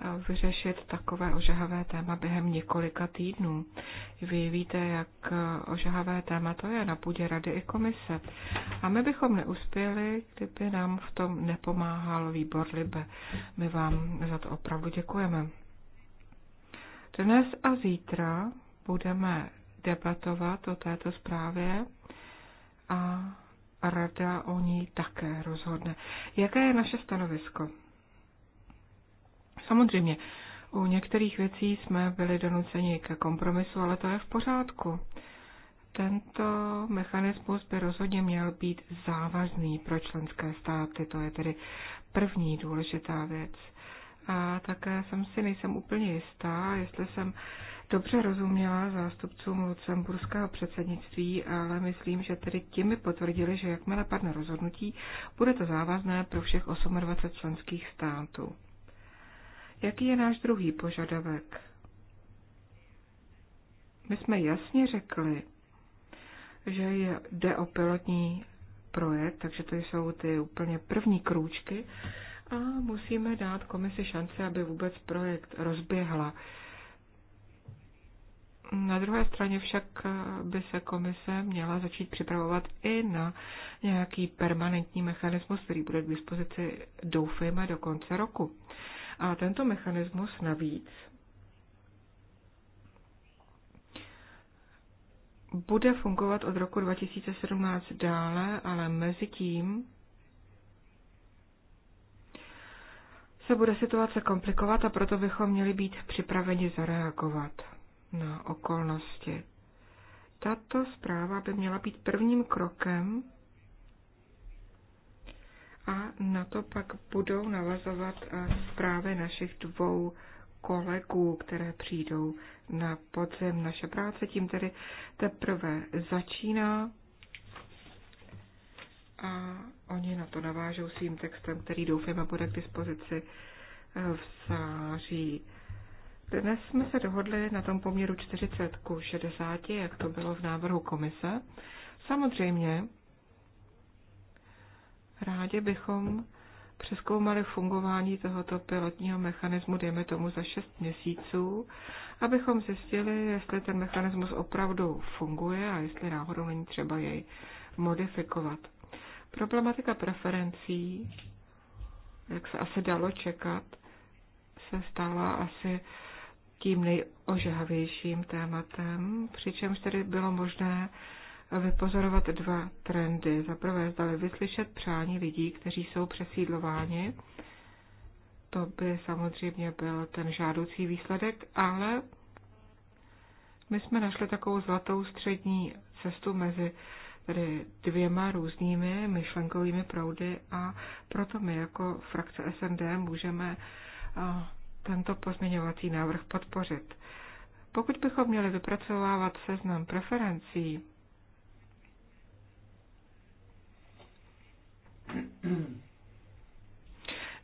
eh, vyřešit takové ožahavé téma během několika týdnů. Vy víte, jak eh, ožahavé téma to je na půdě rady i komise. A my bychom neuspěli, kdyby nám v tom nepomáhal výbor Libe. My vám za to opravdu děkujeme. Dnes a zítra budeme debatovat o této zprávě a rada o ní také rozhodne. Jaké je naše stanovisko? Samozřejmě, u některých věcí jsme byli donuceni ke kompromisu, ale to je v pořádku. Tento mechanismus by rozhodně měl být závazný pro členské státy, to je tedy první důležitá věc. A také jsem si nejsem úplně jistá, jestli jsem dobře rozuměla zástupcům lucemburského předsednictví, ale myslím, že tedy těmi potvrdili, že jakmile padne rozhodnutí, bude to závazné pro všech 28 členských států. Jaký je náš druhý požadavek? My jsme jasně řekli, že jde o pilotní projekt, takže to jsou ty úplně první krůčky a musíme dát komisi šanci, aby vůbec projekt rozběhla. Na druhé straně však eh, by se komise měla začít připravovat i na nějaký permanentní mechanismus, který bude k dispozici, doufejme, do konce roku. A tento mechanismus navíc bude fungovat od roku 2017 dále, ale mezi tím se bude situace komplikovat a proto bychom měli být připraveni zareagovat na okolnosti. Tato zpráva by měla být prvním krokem a na to pak budou navazovat zprávy našich dvou kolegů, které přijdou na podzem. Naše práce tím tedy teprve začíná a oni na to navážou svým textem, který doufám bude k dispozici v září. Dnes jsme se dohodli na tom poměru 40 ku 60, jak to bylo v návrhu komise. Samozřejmě rádi bychom přeskoumali fungování tohoto pilotního mechanismu, dejme tomu za 6 měsíců, abychom zjistili, jestli ten mechanismus opravdu funguje a jestli náhodou není třeba jej modifikovat. Problematika preferencí, jak se asi dalo čekat, se stala asi tím nejožahavějším tématem, přičemž tedy bylo možné vypozorovat dva trendy. Za prvé zdali vyslyšet přání lidí, kteří jsou přesídlováni. To by samozřejmě byl ten žádoucí výsledek, ale my jsme našli takovou zlatou střední cestu mezi tedy dvěma různými myšlenkovými proudy a proto my jako frakce SND můžeme eh, tento pozměňovací návrh podpořit. Pokud bychom měli vypracovávat seznam preferencí,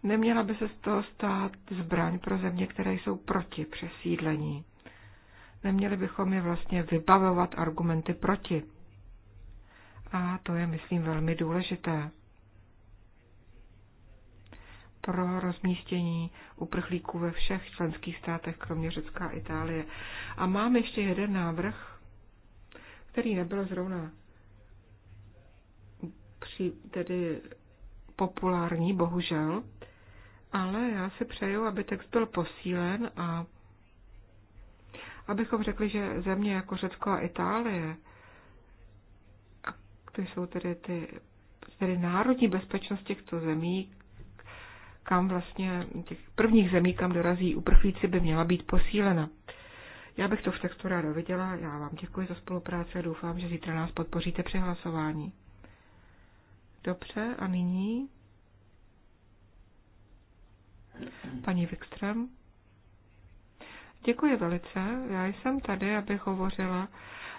neměla by se z toho stát zbraň pro země, které jsou proti přesídlení. Neměli bychom je vlastně vybavovat argumenty proti. A to je, myslím, velmi důležité pro rozmístění uprchlíků ve všech členských státech, kromě Řecka a Itálie. A mám ještě jeden návrh, který nebyl zrovna při, tedy populární, bohužel, ale já si přeju, aby text byl posílen a abychom řekli, že země jako Řecko a Itálie, ty jsou tedy ty tedy národní bezpečnost těchto zemí, kam vlastně těch prvních zemí, kam dorazí uprchlíci, by měla být posílena. Já bych to v textu ráda viděla, já vám děkuji za spolupráci a doufám, že zítra nás podpoříte při hlasování. Dobře, a nyní paní Wikström. Děkuji velice. Já jsem tady, abych hovořila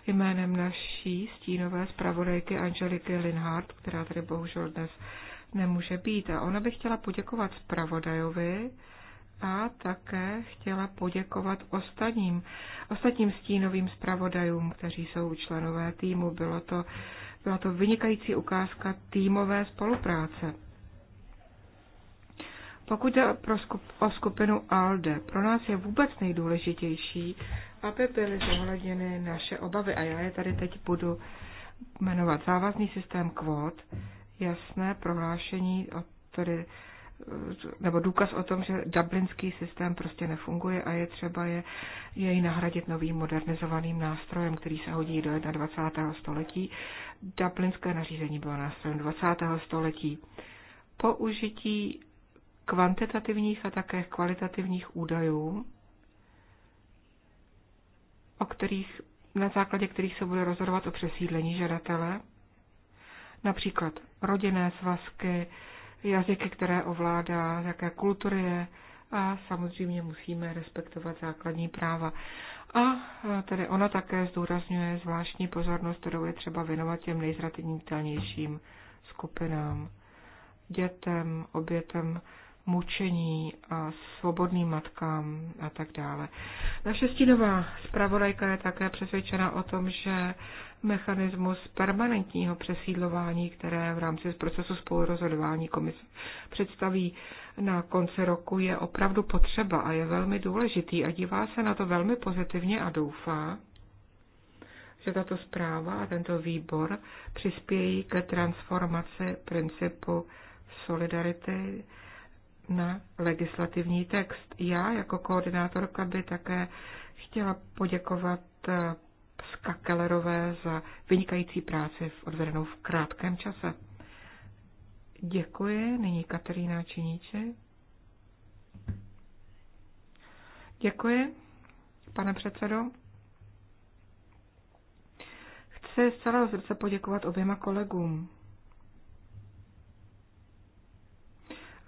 jménem naší stínové zpravodajky Angeliky Linhardt, která tady bohužel dnes nemůže být. A ona by chtěla poděkovat zpravodajovi a také chtěla poděkovat ostatním, ostatním stínovým zpravodajům, kteří jsou členové týmu. Bylo to, byla to vynikající ukázka týmové spolupráce. Pokud jde pro skup, o skupinu ALDE, pro nás je vůbec nejdůležitější, aby byly zohledněny naše obavy. A já je tady teď budu jmenovat závazný systém kvót, jasné prohlášení o tedy nebo důkaz o tom, že dublinský systém prostě nefunguje a je třeba je, jej nahradit novým modernizovaným nástrojem, který se hodí do 21. století. Dublinské nařízení bylo nástrojem 20. století. Použití kvantitativních a také kvalitativních údajů, o kterých, na základě kterých se bude rozhodovat o přesídlení žadatele, například rodinné svazky, jazyky, které ovládá, jaké kultury je a samozřejmě musíme respektovat základní práva. A e, tedy ona také zdůrazňuje zvláštní pozornost, kterou je třeba věnovat těm nejzranitelnějším skupinám, dětem, obětem mučení, a svobodným matkám a tak dále. Naše stínová zpravodajka je také přesvědčena o tom, že mechanismus permanentního přesídlování, které v rámci procesu spolurozhodování komise představí na konci roku, je opravdu potřeba a je velmi důležitý a dívá se na to velmi pozitivně a doufá, že tato zpráva a tento výbor přispějí ke transformaci principu solidarity na legislativní text. Já jako koordinátorka by také chtěla poděkovat eh, Skakelerové za vynikající práci v odvedenou v krátkém čase. Děkuji, nyní Katarína Činíče. Děkuji, pane předsedo. Chci zcela srdce poděkovat oběma kolegům.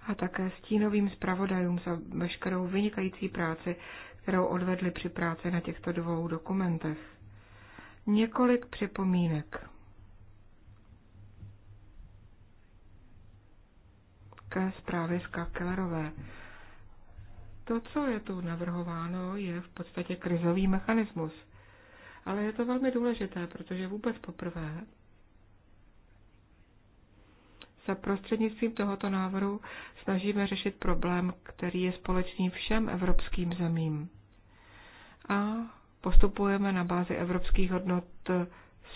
a také stínovým zpravodajům za veškerou vynikající práci, kterou odvedli při práci na těchto dvou dokumentech. Několik připomínek. Ke zprávě z Kakelerové. To, co je tu navrhováno, je v podstatě krizový mechanismus. Ale je to velmi důležité, protože vůbec poprvé se prostřednictvím tohoto návrhu snažíme řešit problém, který je společný všem evropským zemím. A postupujeme na bázi evropských hodnot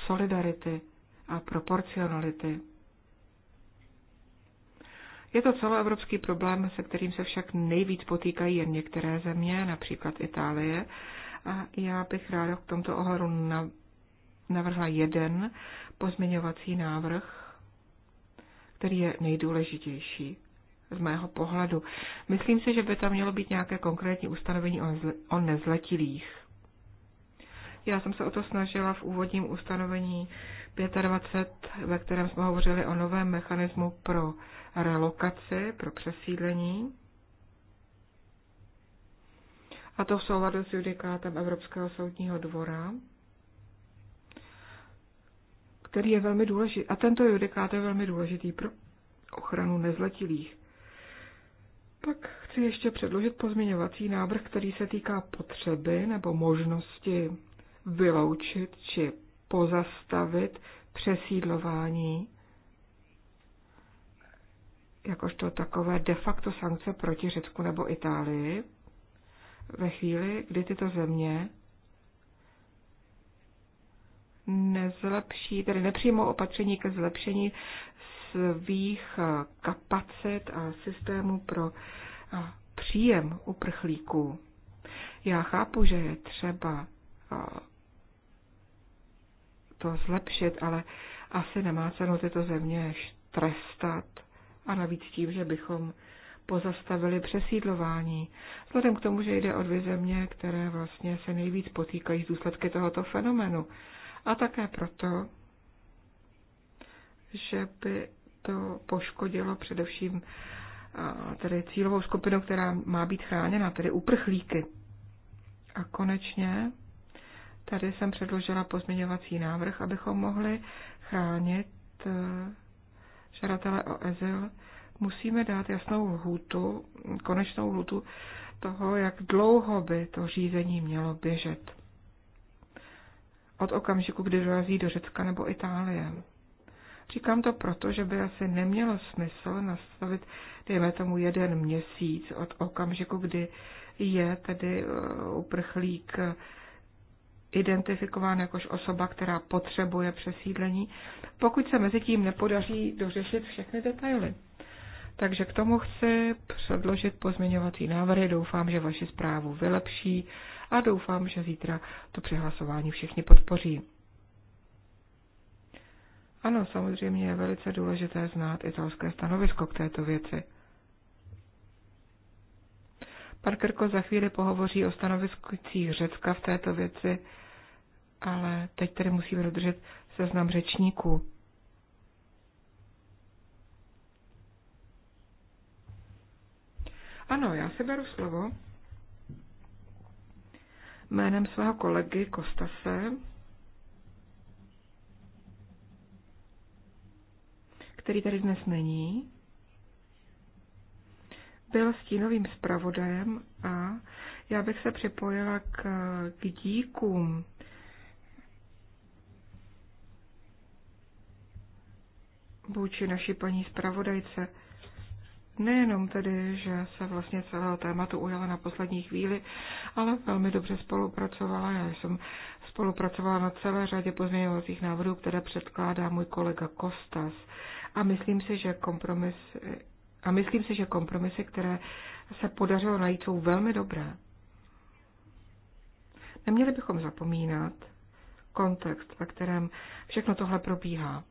solidarity a proporcionality. Je to celoevropský problém, se kterým se však nejvíc potýkají jen některé země, například Itálie. A já bych ráda k tomto ohledu navrhla jeden pozměňovací návrh, který je nejdůležitější z mého pohledu. Myslím si, že by tam mělo být nějaké konkrétní ustanovení o nezletilých. Já jsem se o to snažila v úvodním ustanovení 25, ve kterém jsme hovořili o novém mechanismu pro relokaci, pro přesídlení. A to v souladu s judikátem Evropského soudního dvora který je velmi důležitý. A tento judikát je velmi důležitý pro ochranu nezletilých. Pak chci ještě předložit pozměňovací návrh, který se týká potřeby nebo možnosti vyloučit či pozastavit přesídlování jakožto takové de facto sankce proti Řecku nebo Itálii ve chvíli, kdy tyto země nezlepší, tedy nepřímo opatření ke zlepšení svých eh, kapacit a systému pro eh, příjem uprchlíků. Já chápu, že je třeba eh, to zlepšit, ale asi nemá cenu tyto země trestat. A navíc tím, že bychom pozastavili přesídlování. Vzhledem k tomu, že jde o dvě země, které vlastně se nejvíc potýkají z důsledky tohoto fenoménu a také proto, že by to poškodilo především tedy cílovou skupinu, která má být chráněna, tedy uprchlíky. A konečně tady jsem předložila pozměňovací návrh, abychom mohli chránit e, žadatele o azyl. Musíme dát jasnou hůtu, konečnou hůtu toho, jak dlouho by to řízení mělo běžet od okamžiku, kdy dorazí do Řecka nebo Itálie. Říkám to proto, že by asi nemělo smysl nastavit, dejme tomu, jeden měsíc od okamžiku, kdy je tedy eh, uprchlík eh, identifikován jakož osoba, která potřebuje přesídlení, pokud se mezi tím nepodaří dořešit všechny detaily. Takže k tomu chci předložit pozměňovací návrhy. Doufám, že vaši zprávu vylepší a doufám, že zítra to přihlasování všichni podpoří. Ano, samozřejmě je velice důležité znát italské stanovisko k této věci. Parkerko za chvíli pohovoří o stanoviskujících Řecka v této věci, ale teď tedy musíme dodržet seznam řečníků. Ano, já si beru slovo jménem svého kolegy Kostase, který tady dnes není. Byl stínovým zpravodajem a já bych se připojila k, k díkům vůči naší paní zpravodajce nejenom tedy, že se vlastně celého tématu ujala na poslední chvíli, ale velmi dobře spolupracovala. Já jsem spolupracovala na celé řadě pozměňovacích návrhů, které předkládá můj kolega Kostas. A myslím si, že kompromis, a myslím si, že kompromisy, které se podařilo najít, jsou velmi dobré. Neměli bychom zapomínat kontext, ve kterém všechno tohle probíhá.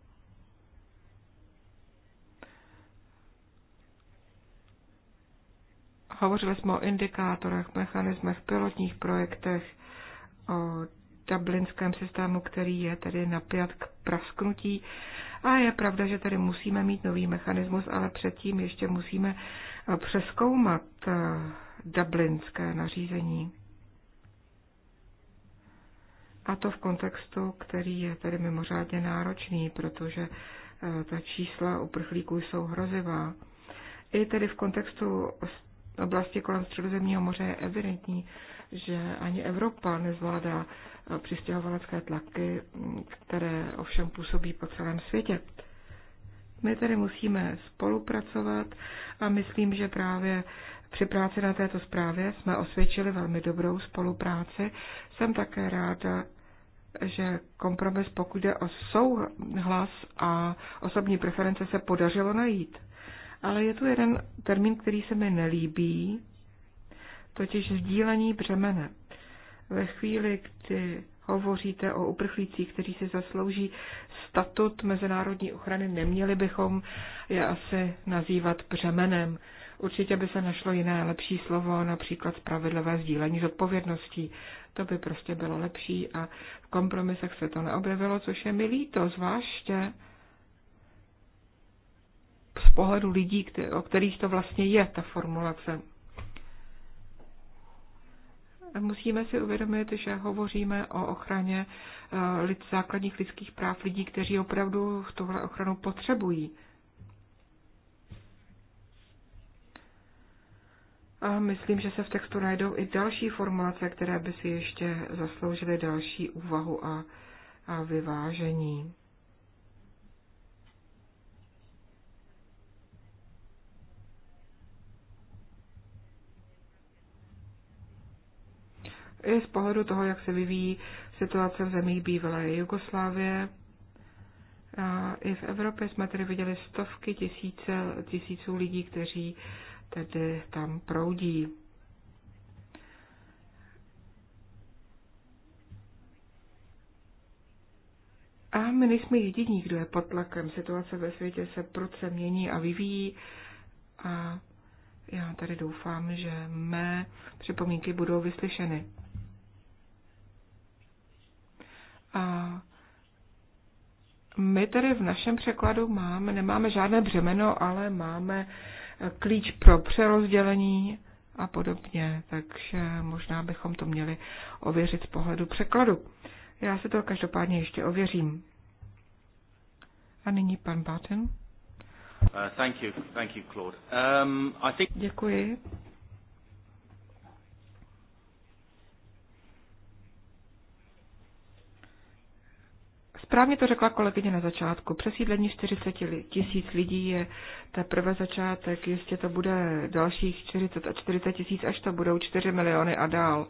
Hovořili jsme o indikátorech, mechanismech, pilotních projektech, o dublinském systému, který je tedy napjat k prasknutí. A je pravda, že tady musíme mít nový mechanismus, ale předtím ještě musíme eh, přeskoumat eh, dublinské nařízení. A to v kontextu, který je tedy mimořádně náročný, protože eh, ta čísla uprchlíků jsou hrozivá. I tedy v kontextu oblasti kolem Středozemního moře je evidentní, že ani Evropa nezvládá eh, přistěhovalecké tlaky, mm, které ovšem působí po celém světě. My tedy musíme spolupracovat a myslím, že právě při práci na této zprávě jsme osvědčili velmi dobrou spolupráci. Jsem také ráda, že kompromis, pokud jde o souhlas a osobní preference, se podařilo najít. Ale je tu jeden termín, který se mi nelíbí, totiž sdílení břemene. Ve chvíli, kdy hovoříte o uprchlících, kteří si zaslouží statut mezinárodní ochrany, neměli bychom je asi nazývat břemenem. Určitě by se našlo jiné lepší slovo, například spravedlivé sdílení odpovědností. To by prostě bylo lepší a v kompromisech se to neobjevilo, což je mi líto, zvláště pohledu lidí, o kterých to vlastně je, ta formulace. Musíme si uvědomit, že hovoříme o ochraně eh, lid, základních lidských práv lidí, kteří opravdu tuhle ochranu potřebují. A myslím, že se v textu najdou i další formulace, které by si ještě zasloužily další úvahu a, a vyvážení. i z pohledu toho, jak se vyvíjí situace v zemích bývalé Jugoslávie. A I v Evropě jsme tedy viděli stovky tisíce, tisíců lidí, kteří tedy tam proudí. A my nejsme jediní, kdo je pod tlakem. Situace ve světě se proce mění a vyvíjí. A já tady doufám, že mé připomínky budou vyslyšeny. A my tedy v našem překladu máme, nemáme žádné břemeno, ale máme klíč pro přerozdělení a podobně, takže možná bychom to měli ověřit z pohledu překladu. Já si to každopádně ještě ověřím. A nyní pan Barton. Uh, thank you, thank you, Claude. Um, I think... Děkuji, Správně to řekla kolegyně na začátku. Přesídlení 40 tisíc lidí je teprve začátek, jistě to bude dalších 40 a 40 tisíc, až to budou 4 miliony a dál.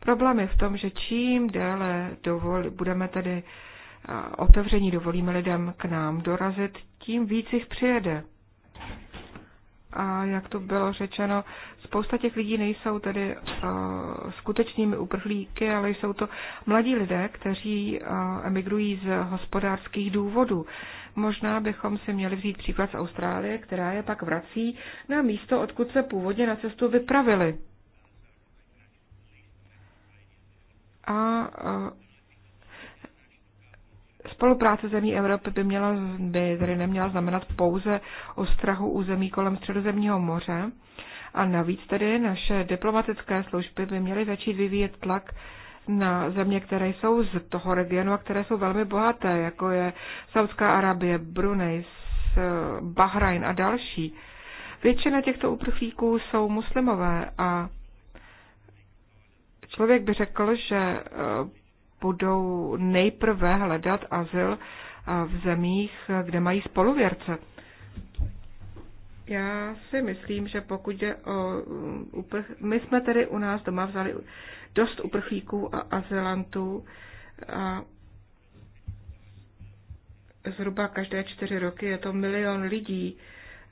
Problém je v tom, že čím déle dovol, budeme tedy otevření, dovolíme lidem k nám dorazit, tím víc jich přijede a jak to bylo řečeno, spousta těch lidí nejsou tedy uh, skutečnými uprchlíky, ale jsou to mladí lidé, kteří uh, emigrují z hospodářských důvodů. Možná bychom si měli vzít příklad z Austrálie, která je pak vrací na místo, odkud se původně na cestu vypravili. A uh, Spolupráce zemí Evropy by, měla, by tedy neměla znamenat pouze ostrahu území kolem Středozemního moře. A navíc tedy naše diplomatické služby by měly začít vyvíjet tlak na země, které jsou z toho regionu a které jsou velmi bohaté, jako je Saudská Arabie, Brunei, eh, Bahrajn a další. Většina těchto uprchlíků jsou muslimové a člověk by řekl, že eh, budou nejprve hledat azyl v zemích, kde mají spoluvěrce. Já si myslím, že pokud je o... Um, uprch... My jsme tedy u nás doma vzali dost uprchlíků a azylantů. A zhruba každé čtyři roky je to milion lidí.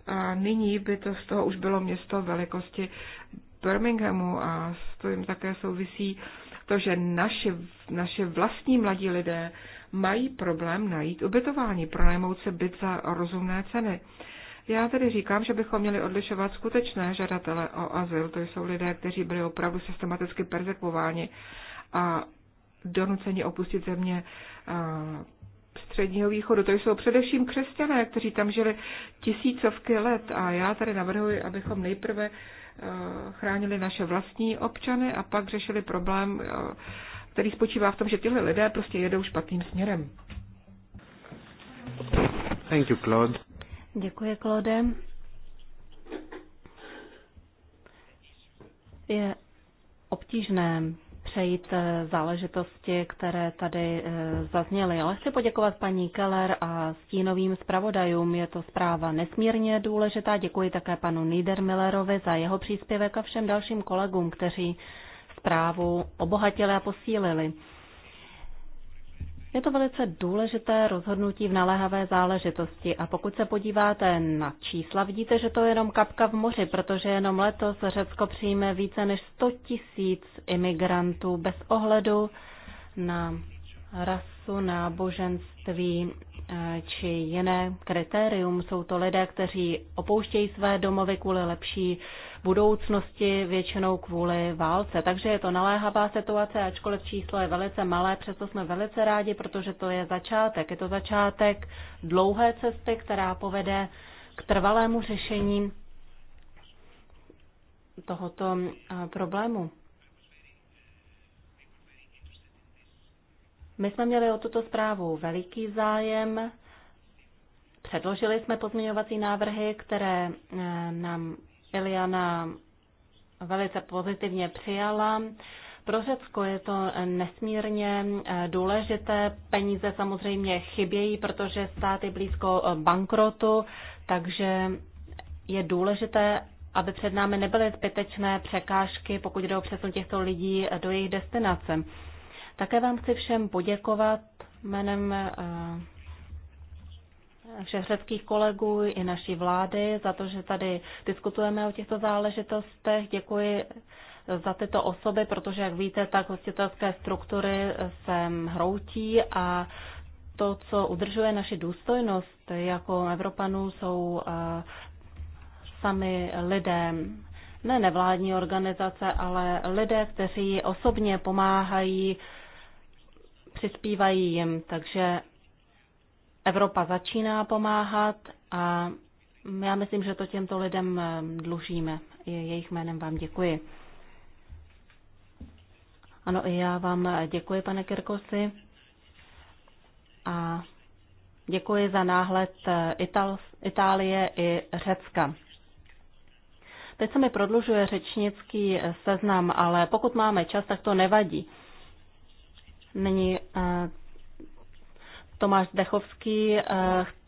A nyní by to z toho už bylo město velikosti Birminghamu a s tím také souvisí uh, to, že naše, naše vlastní mladí lidé mají problém najít ubytování, pronajmout se byt za rozumné ceny. Já tedy říkám, že bychom měli odlišovat skutečné žadatele o azyl, to jsou lidé, kteří byli opravdu systematicky persekováni a donuceni opustit země středního východu. To jsou především křesťané, kteří tam žili tisícovky let a já tady navrhuji, abychom nejprve Eh, chránili naše vlastní občany a pak řešili problém, eh, který spočívá v tom, že tyhle lidé prostě jedou špatným směrem. Thank you, Claude. Děkuji, Claude. Je obtížné přejít eh, záležitosti, které tady eh, zazněly. Ale chci poděkovat paní Keller a stínovým zpravodajům. Je to zpráva nesmírně důležitá. Děkuji také panu Niedermillerovi za jeho příspěvek a všem dalším kolegům, kteří zprávu obohatili a posílili. Je to velice důležité rozhodnutí v naléhavé záležitosti a pokud se podíváte na čísla, vidíte, že to je jenom kapka v moři, protože jenom letos Řecko přijme více než 100 tisíc imigrantů bez ohledu na rasu, náboženství či jiné kritérium. Jsou to lidé, kteří opouštějí své domovy kvůli lepší budoucnosti, většinou kvůli válce. Takže je to naléhavá situace, ačkoliv číslo je velice malé, přesto jsme velice rádi, protože to je začátek. Je to začátek dlouhé cesty, která povede k trvalému řešení tohoto problému. My jsme měli o tuto zprávu veliký zájem. Předložili jsme pozměňovací návrhy, které eh, nám Iliana velice pozitivně přijala. Pro Řecko je to nesmírně eh, důležité. Peníze samozřejmě chybějí, protože stát je blízko eh, bankrotu, takže je důležité, aby před námi nebyly zbytečné překážky, pokud jde o přesun těchto lidí do jejich destinace. Také vám chci všem poděkovat jménem eh, všech řeckých kolegů i naší vlády za to, že tady diskutujeme o těchto záležitostech. Děkuji za tyto osoby, protože, jak víte, tak hostitelské struktury se hroutí a to, co udržuje naši důstojnost jako Evropanů, jsou eh, sami lidé, ne nevládní organizace, ale lidé, kteří osobně pomáhají přispívají jim. Takže Evropa začíná pomáhat a já myslím, že to těmto lidem eh, dlužíme. Jejich jménem vám děkuji. Ano, i já vám eh, děkuji, pane Kirkosi. A děkuji za náhled eh, Ital- Itálie i Řecka. Teď se mi prodlužuje řečnický seznam, ale pokud máme čas, tak to nevadí uh, Tomáš Dechovský, eh,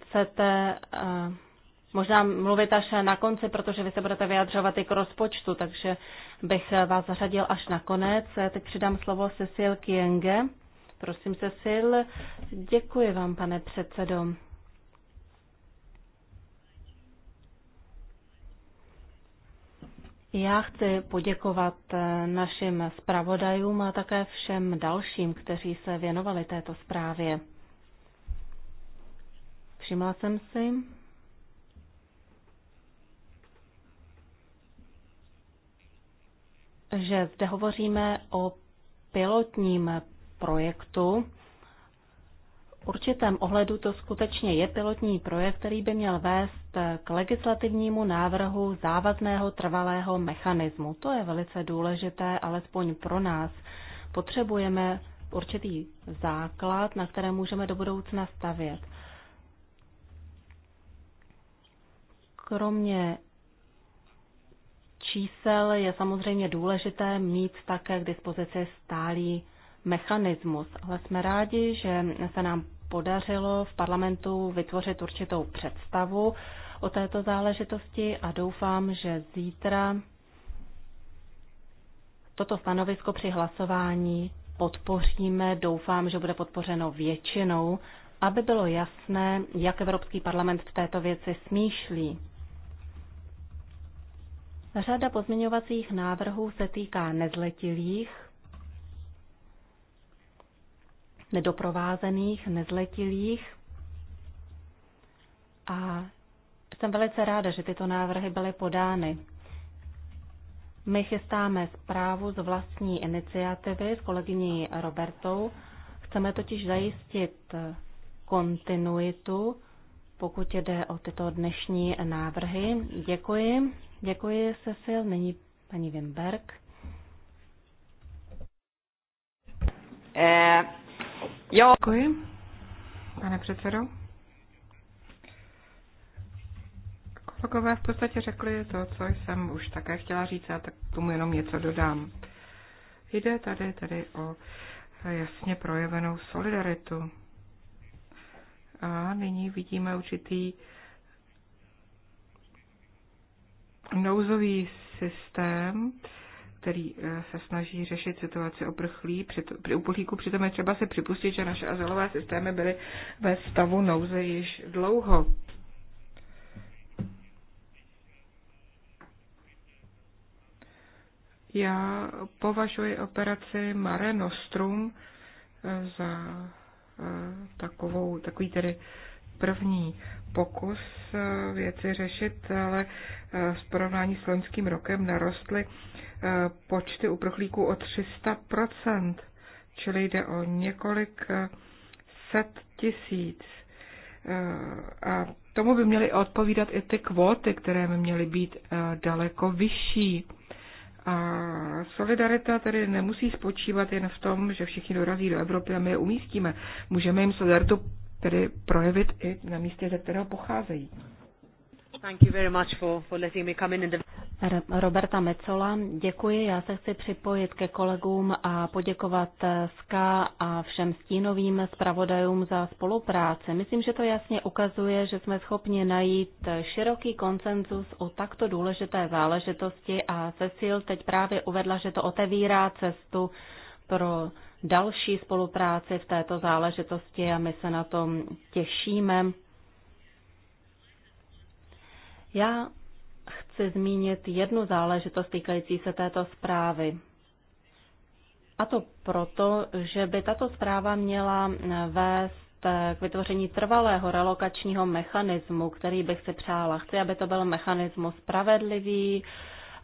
chcete eh, možná mluvit až na konci, protože vy se budete vyjadřovat i k rozpočtu, takže bych vás zařadil až na konec. Teď přidám slovo Cecil Kienge. Prosím, Cecil. Děkuji vám, pane předsedo. Já chci poděkovat eh, našim zpravodajům a také všem dalším, kteří se věnovali této zprávě. Všimla jsem si, že zde hovoříme o pilotním projektu. V určitém ohledu to skutečně je pilotní projekt, který by měl vést Eh, k legislativnímu návrhu závazného trvalého mechanismu. To je velice důležité, alespoň pro nás. Potřebujeme určitý základ, na kterém můžeme do budoucna stavět. Kromě čísel je samozřejmě důležité mít také k dispozici stálý mechanismus, ale jsme rádi, že se nám podařilo v parlamentu vytvořit určitou představu o této záležitosti a doufám, že zítra toto stanovisko při hlasování podpoříme. Doufám, že bude podpořeno většinou, aby bylo jasné, jak Evropský parlament v této věci smýšlí. Řada pozměňovacích návrhů se týká nezletilých, nedoprovázených nezletilých a jsem velice ráda, že tyto návrhy byly podány. My chystáme zprávu z vlastní iniciativy s kolegyní Robertou. Chceme totiž zajistit kontinuitu, pokud jde o tyto dnešní návrhy. Děkuji. Děkuji, Cecil. Nyní paní Wimberg. Eh, jo. Děkuji, pane předsedo. Kolegové v podstatě řekli to, co jsem už také chtěla říct, a tak tomu jenom něco dodám. Jde tady tedy o jasně projevenou solidaritu. A nyní vidíme určitý nouzový systém, který eh, se snaží řešit situaci oprchlí, při uprchlíku. Přitom je třeba si připustit, že naše azylové systémy byly ve stavu nouze již dlouho. Já považuji operaci Mare Nostrum eh, za eh, takovou, takový tedy první pokus eh, věci řešit, ale v porovnání s loňským rokem narostly počty uprchlíků o 300%, čili jde o několik set tisíc. A tomu by měly odpovídat i ty kvóty, které by měly být daleko vyšší. A solidarita tedy nemusí spočívat jen v tom, že všichni dorazí do Evropy a my je umístíme. Můžeme jim solidaritu tedy projevit i na místě, ze kterého pocházejí. Thank you very much for, for letting me come in and... Roberta Mecola. Děkuji, já se chci připojit ke kolegům a poděkovat SK a všem stínovým zpravodajům za spolupráci. Myslím, že to jasně ukazuje, že jsme schopni najít široký konsenzus o takto důležité záležitosti a Cecil teď právě uvedla, že to otevírá cestu pro další spolupráci v této záležitosti a my se na tom těšíme. Já chci zmínit jednu záležitost týkající se této zprávy. A to proto, že by tato zpráva měla vést k vytvoření trvalého relokačního mechanismu, který bych si přála. Chci, aby to byl mechanismus spravedlivý,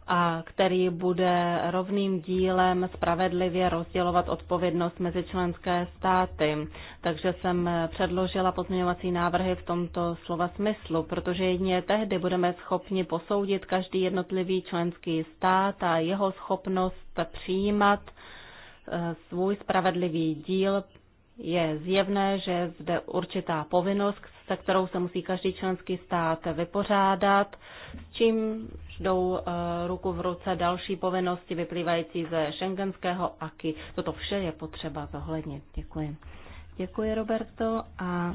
a který bude rovným dílem spravedlivě rozdělovat odpovědnost mezi členské státy. Takže jsem předložila pozměňovací návrhy v tomto slova smyslu, protože jedině tehdy budeme schopni posoudit každý jednotlivý členský stát a jeho schopnost přijímat eh, svůj spravedlivý díl je zjevné, že je zde určitá povinnost, se kterou se musí každý členský stát vypořádat, s čím jdou eh, ruku v ruce další povinnosti vyplývající ze šengenského AKI. Toto vše je potřeba zohlednit. Děkuji. Děkuji, Roberto. A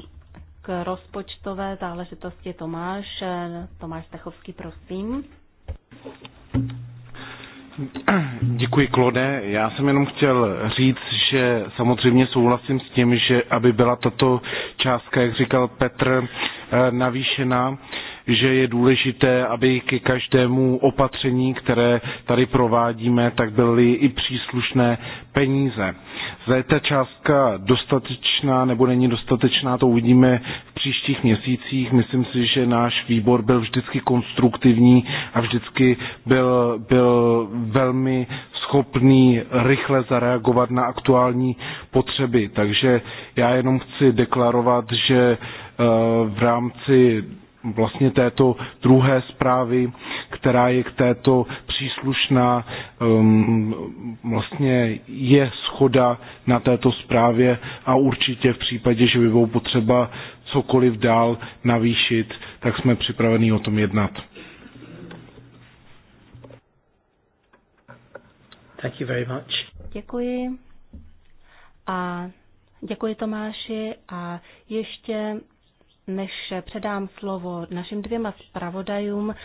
k rozpočtové záležitosti Tomáš. Eh, Tomáš Stechovský, prosím. Děkuji, Klode. Já jsem jenom chtěl říct, že samozřejmě souhlasím s tím, že aby byla tato částka, jak říkal Petr, eh, navýšená že je důležité, aby ke každému opatření, které tady provádíme, tak byly i příslušné peníze. Zda je ta částka dostatečná nebo není dostatečná, to uvidíme v příštích měsících. Myslím si, že náš výbor byl vždycky konstruktivní a vždycky byl, byl velmi schopný rychle zareagovat na aktuální potřeby. Takže já jenom chci deklarovat, že eh, v rámci vlastně této druhé zprávy, která je k této příslušná, um, vlastně je schoda na této zprávě a určitě v případě, že by bylo potřeba cokoliv dál navýšit, tak jsme připraveni o tom jednat. Thank you very much. Děkuji. A děkuji Tomáši a ještě než předám slovo našim dvěma zpravodajům, eh,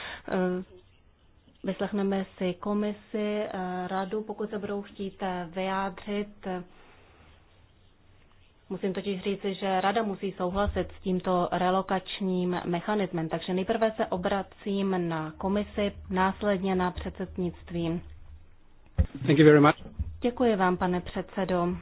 vyslechneme si komisi, eh, radu, pokud se budou chtít vyjádřit. Musím totiž říci, že rada musí souhlasit s tímto relokačním mechanismem, takže nejprve se obracím na komisi, následně na předsednictví. Děkuji vám, pane předsedo.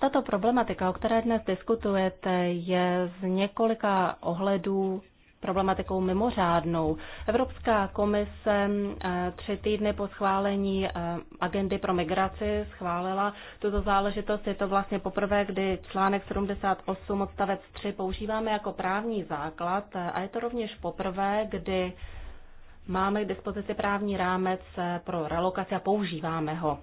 Tato problematika, o které dnes diskutujete, je z několika ohledů problematikou mimořádnou. Evropská komise eh, tři týdny po schválení eh, agendy pro migraci schválila tuto záležitost. Je to vlastně poprvé, kdy článek 78 odstavec 3 používáme jako právní základ eh, a je to rovněž poprvé, kdy máme k dispozici právní rámec pro relokaci a používáme ho.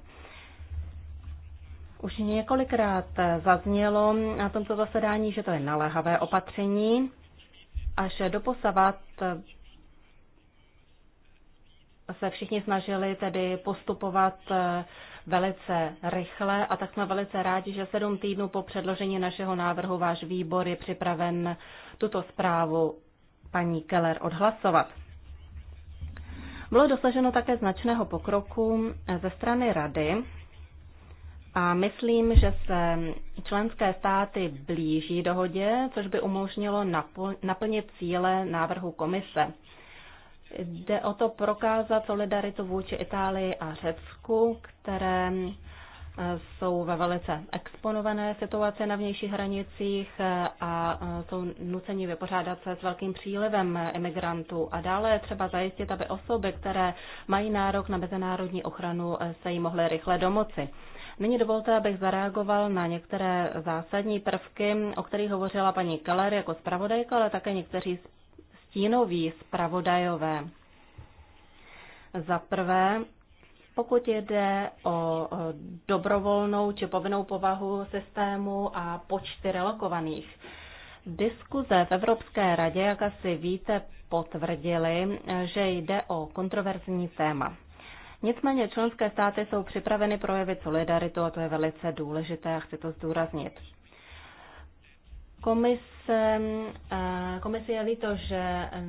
Už několikrát zaznělo na tomto zasedání, že to je naléhavé opatření. Až doposavat se všichni snažili tedy postupovat velice rychle a tak jsme velice rádi, že sedm týdnů po předložení našeho návrhu váš výbor je připraven tuto zprávu paní Keller odhlasovat. Bylo dosaženo také značného pokroku ze strany rady a myslím, že se členské státy blíží dohodě, což by umožnilo naplnit cíle návrhu komise. Jde o to prokázat solidaritu vůči Itálii a Řecku, které eh, jsou ve velice exponované situace na vnějších hranicích eh, a eh, jsou nuceni vypořádat se s velkým přílivem imigrantů. A dále je třeba zajistit, aby osoby, které mají nárok na mezinárodní ochranu, se jí mohly rychle domoci. Nyní dovolte, abych zareagoval na některé zásadní prvky, o kterých hovořila paní Keller jako zpravodajka, ale také někteří stínoví zpravodajové. Za prvé, pokud jde o dobrovolnou či povinnou povahu systému a počty relokovaných. Diskuze v Evropské radě, jak asi víte, potvrdili, že jde o kontroverzní téma. Nicméně členské státy jsou připraveny projevit solidaritu a to je velice důležité a chci to zdůraznit. Komise, eh, komise je líto, že eh,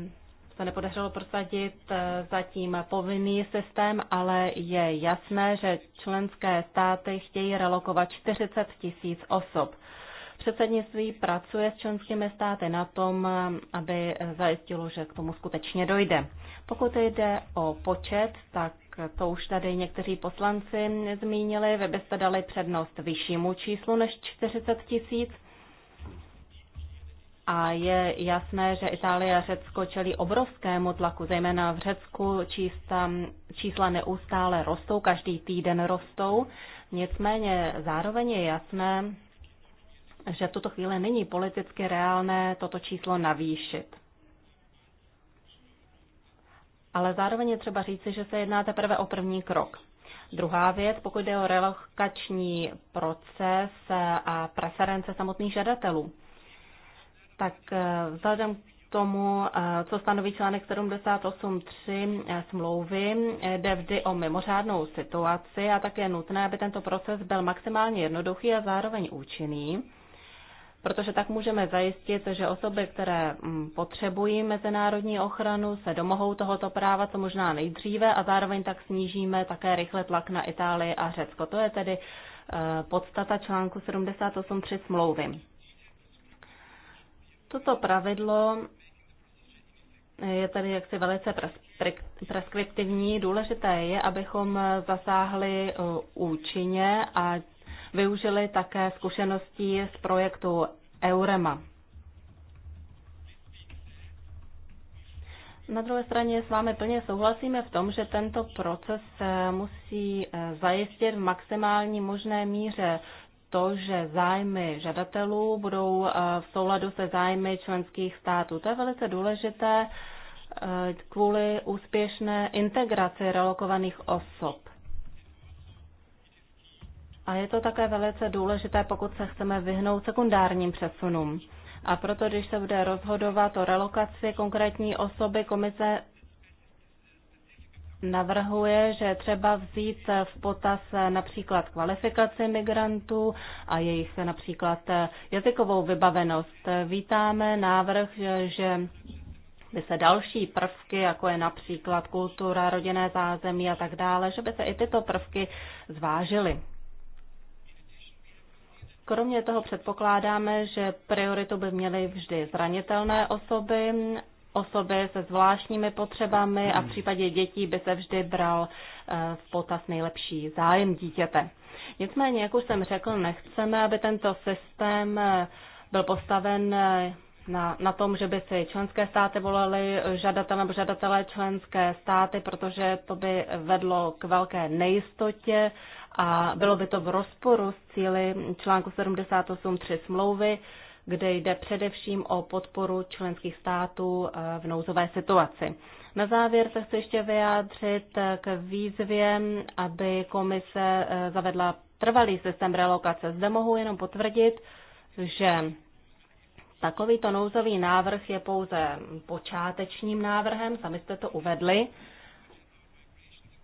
se nepodařilo prosadit eh, zatím povinný systém, ale je jasné, že členské státy chtějí relokovat 40 tisíc osob. Předsednictví pracuje s členskými státy na tom, aby zajistilo, že k tomu skutečně dojde. Pokud jde o počet, tak to už tady někteří poslanci zmínili, vy byste dali přednost vyššímu číslu než 40 tisíc. A je jasné, že Itálie a Řecko čelí obrovskému tlaku, zejména v Řecku čísla, čísla neustále rostou, každý týden rostou. Nicméně zároveň je jasné, že v tuto chvíli není politicky reálné toto číslo navýšit ale zároveň je třeba říci, že se jedná teprve o první krok. Druhá věc, pokud jde o relokační proces a preference samotných žadatelů, tak eh, vzhledem k tomu, eh, co stanoví článek 78.3 eh, smlouvy, jde vždy o mimořádnou situaci a také je nutné, aby tento proces byl maximálně jednoduchý a zároveň účinný protože tak můžeme zajistit, že osoby, které mm, potřebují mezinárodní ochranu, se domohou tohoto práva co možná nejdříve a zároveň tak snížíme také rychle tlak na Itálii a Řecko. To je tedy eh, podstata článku 78.3 smlouvy. Toto pravidlo je tady jaksi velice preskriptivní. Důležité je, abychom zasáhli eh, účinně a využili také zkušeností z projektu Eurema. Na druhé straně s vámi plně souhlasíme v tom, že tento proces eh, musí eh, zajistit v maximální možné míře to, že zájmy žadatelů budou eh, v souladu se zájmy členských států. To je velice důležité kvůli úspěšné integraci relokovaných osob. A je to také velice důležité, pokud se chceme vyhnout sekundárním přesunům. A proto, když se bude rozhodovat o relokaci konkrétní osoby, komise navrhuje, že třeba vzít v potaz například kvalifikaci migrantů a jejich například jazykovou vybavenost. Vítáme návrh, že by se další prvky, jako je například kultura, rodinné zázemí a tak dále, že by se i tyto prvky zvážily. Kromě toho předpokládáme, že prioritu by měly vždy zranitelné osoby, osoby se zvláštními potřebami a v hmm. případě dětí by se vždy bral eh, v potaz nejlepší zájem dítěte. Nicméně, jak už jsem řekl, nechceme, aby tento systém eh, byl postaven eh, na, na tom, že by si členské státy volily žadatele nebo žadatelé členské státy, protože to by vedlo k velké nejistotě a bylo by to v rozporu s cíly článku 78.3 smlouvy, kde jde především o podporu členských států eh, v nouzové situaci. Na závěr se chci ještě vyjádřit eh, k výzvě, aby komise eh, zavedla trvalý systém relokace. Zde mohu jenom potvrdit, že takovýto nouzový návrh je pouze počátečním návrhem, sami jste to uvedli.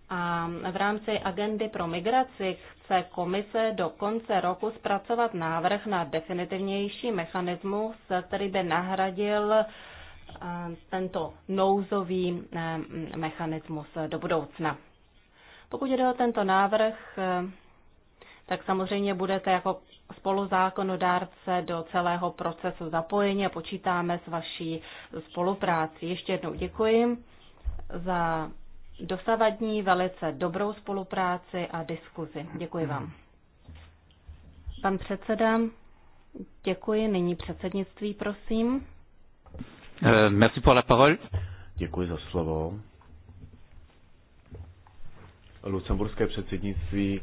A v rámci agendy pro migraci chce komise do konce roku zpracovat návrh na definitivnější mechanismus, který by nahradil eh, tento nouzový eh, mechanismus do budoucna. Pokud jde o tento návrh, eh, tak samozřejmě budete jako spoluzákonodárce do celého procesu zapojeni a počítáme s vaší spolupráci. Ještě jednou děkuji za dosavadní velice dobrou spolupráci a diskuzi. Děkuji vám. Pan předseda, děkuji. Nyní předsednictví, prosím. Eh, merci pour la parole. Děkuji za slovo. Lucemburské předsednictví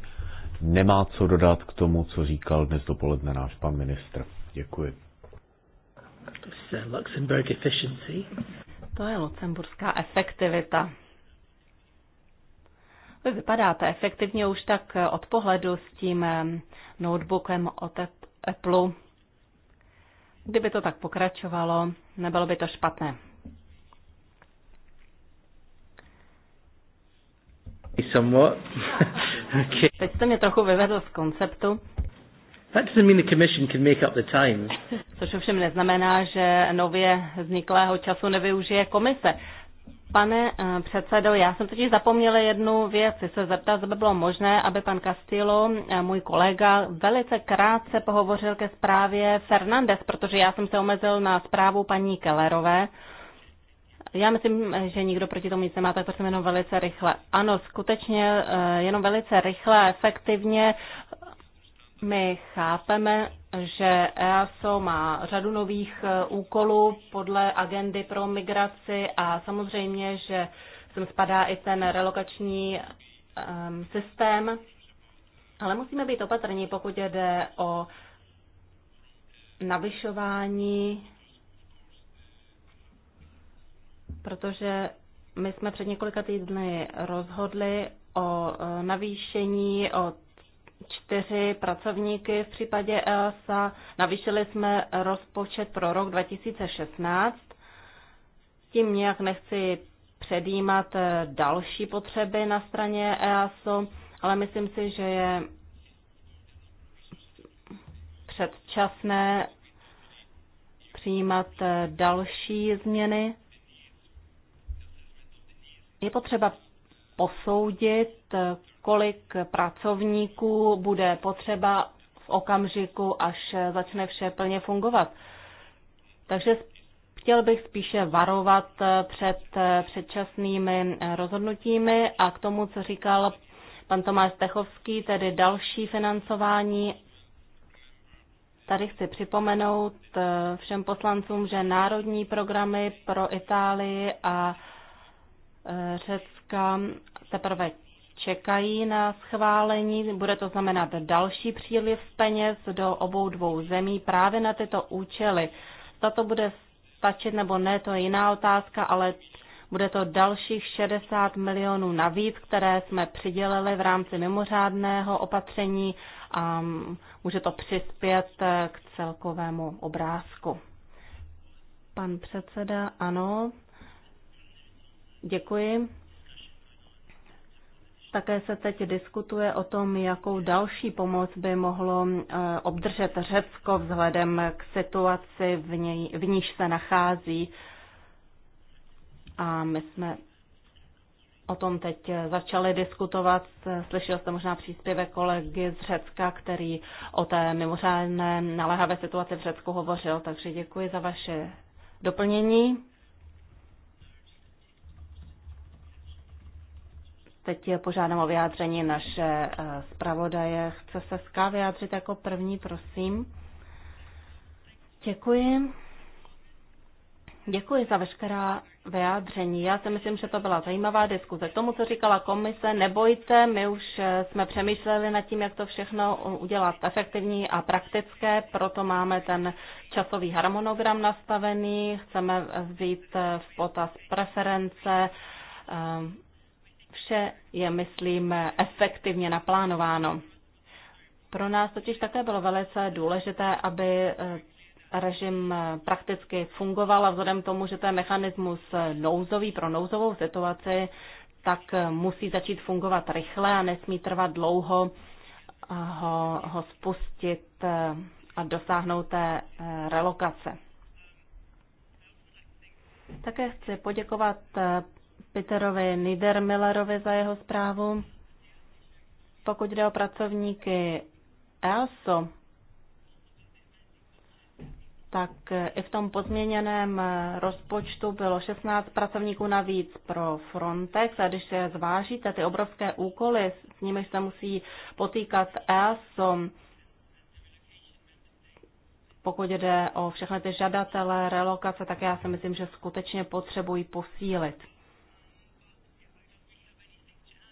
nemá co dodat k tomu, co říkal dnes dopoledne náš pan ministr. Děkuji. Uh, to je luxemburská efektivita. Vy vypadáte efektivně už tak od pohledu s tím eh, notebookem od Apple. Kdyby to tak pokračovalo, nebylo by to špatné. Teď jste mě trochu vyvedl z konceptu. That doesn't mean the commission can make up the time. Což ovšem neznamená, že nově vzniklého času nevyužije komise. Pane eh, předsedo, já jsem totiž zapomněla jednu věc. se zeptat, zda by bylo možné, aby pan Castillo, eh, můj kolega, velice krátce pohovořil ke zprávě Fernandez, protože já jsem se omezil na zprávu paní Kellerové. Já myslím, že nikdo proti tomu nic nemá, tak prosím jenom velice rychle. Ano, skutečně eh, jenom velice rychle a efektivně my chápeme, že EASO má řadu nových e, úkolů podle agendy pro migraci a samozřejmě, že sem spadá i ten relokační um, systém, ale musíme být opatrní, pokud jde o navyšování, protože my jsme před několika týdny rozhodli o e, navýšení o čtyři pracovníky v případě ELSA. Navýšili jsme rozpočet pro rok 2016. Tím nějak nechci předjímat eh, další potřeby na straně EASO, ale myslím si, že je předčasné přijímat eh, další změny. Je potřeba posoudit, kolik pracovníků bude potřeba v okamžiku, až začne vše plně fungovat. Takže chtěl bych spíše varovat před předčasnými rozhodnutími a k tomu, co říkal pan Tomáš Techovský, tedy další financování. Tady chci připomenout všem poslancům, že národní programy pro Itálii a Řecka teprve čekají na schválení. Bude to znamenat další příliv peněz do obou dvou zemí právě na tyto účely. to bude stačit nebo ne, to je jiná otázka, ale bude to dalších 60 milionů navíc, které jsme přidělili v rámci mimořádného opatření a může to přispět k celkovému obrázku. Pan předseda, ano, Děkuji. Také se teď diskutuje o tom, jakou další pomoc by mohlo eh, obdržet Řecko vzhledem k situaci, v, něj, v níž se nachází. A my jsme o tom teď začali diskutovat. Slyšel jste možná příspěvek kolegy z Řecka, který o té mimořádné naléhavé situaci v Řecku hovořil, takže děkuji za vaše doplnění. Teď požádám o vyjádření naše eh, zpravodaje. Chce se SK vyjádřit jako první, prosím. Děkuji. Děkuji za veškerá vyjádření. Já si myslím, že to byla zajímavá diskuze. K tomu, co říkala komise, nebojte, my už eh, jsme přemýšleli nad tím, jak to všechno udělat efektivní a praktické, proto máme ten časový harmonogram nastavený, chceme vzít eh, v potaz preference vše je, myslím, efektivně naplánováno. Pro nás totiž také bylo velice důležité, aby eh, režim eh, prakticky fungoval a vzhledem k tomu, že to je mechanismus eh, nouzový pro nouzovou situaci, tak musí začít fungovat rychle a nesmí trvat dlouho ho, ho spustit a dosáhnout té relokace. Také chci poděkovat Peterovi Niedermillerovi za jeho zprávu. Pokud jde o pracovníky ELSO, tak i v tom pozměněném rozpočtu bylo 16 pracovníků navíc pro Frontex a když se zvážíte ty obrovské úkoly, s nimiž se musí potýkat EASO, pokud jde o všechny ty žadatele, relokace, tak já si myslím, že skutečně potřebují posílit.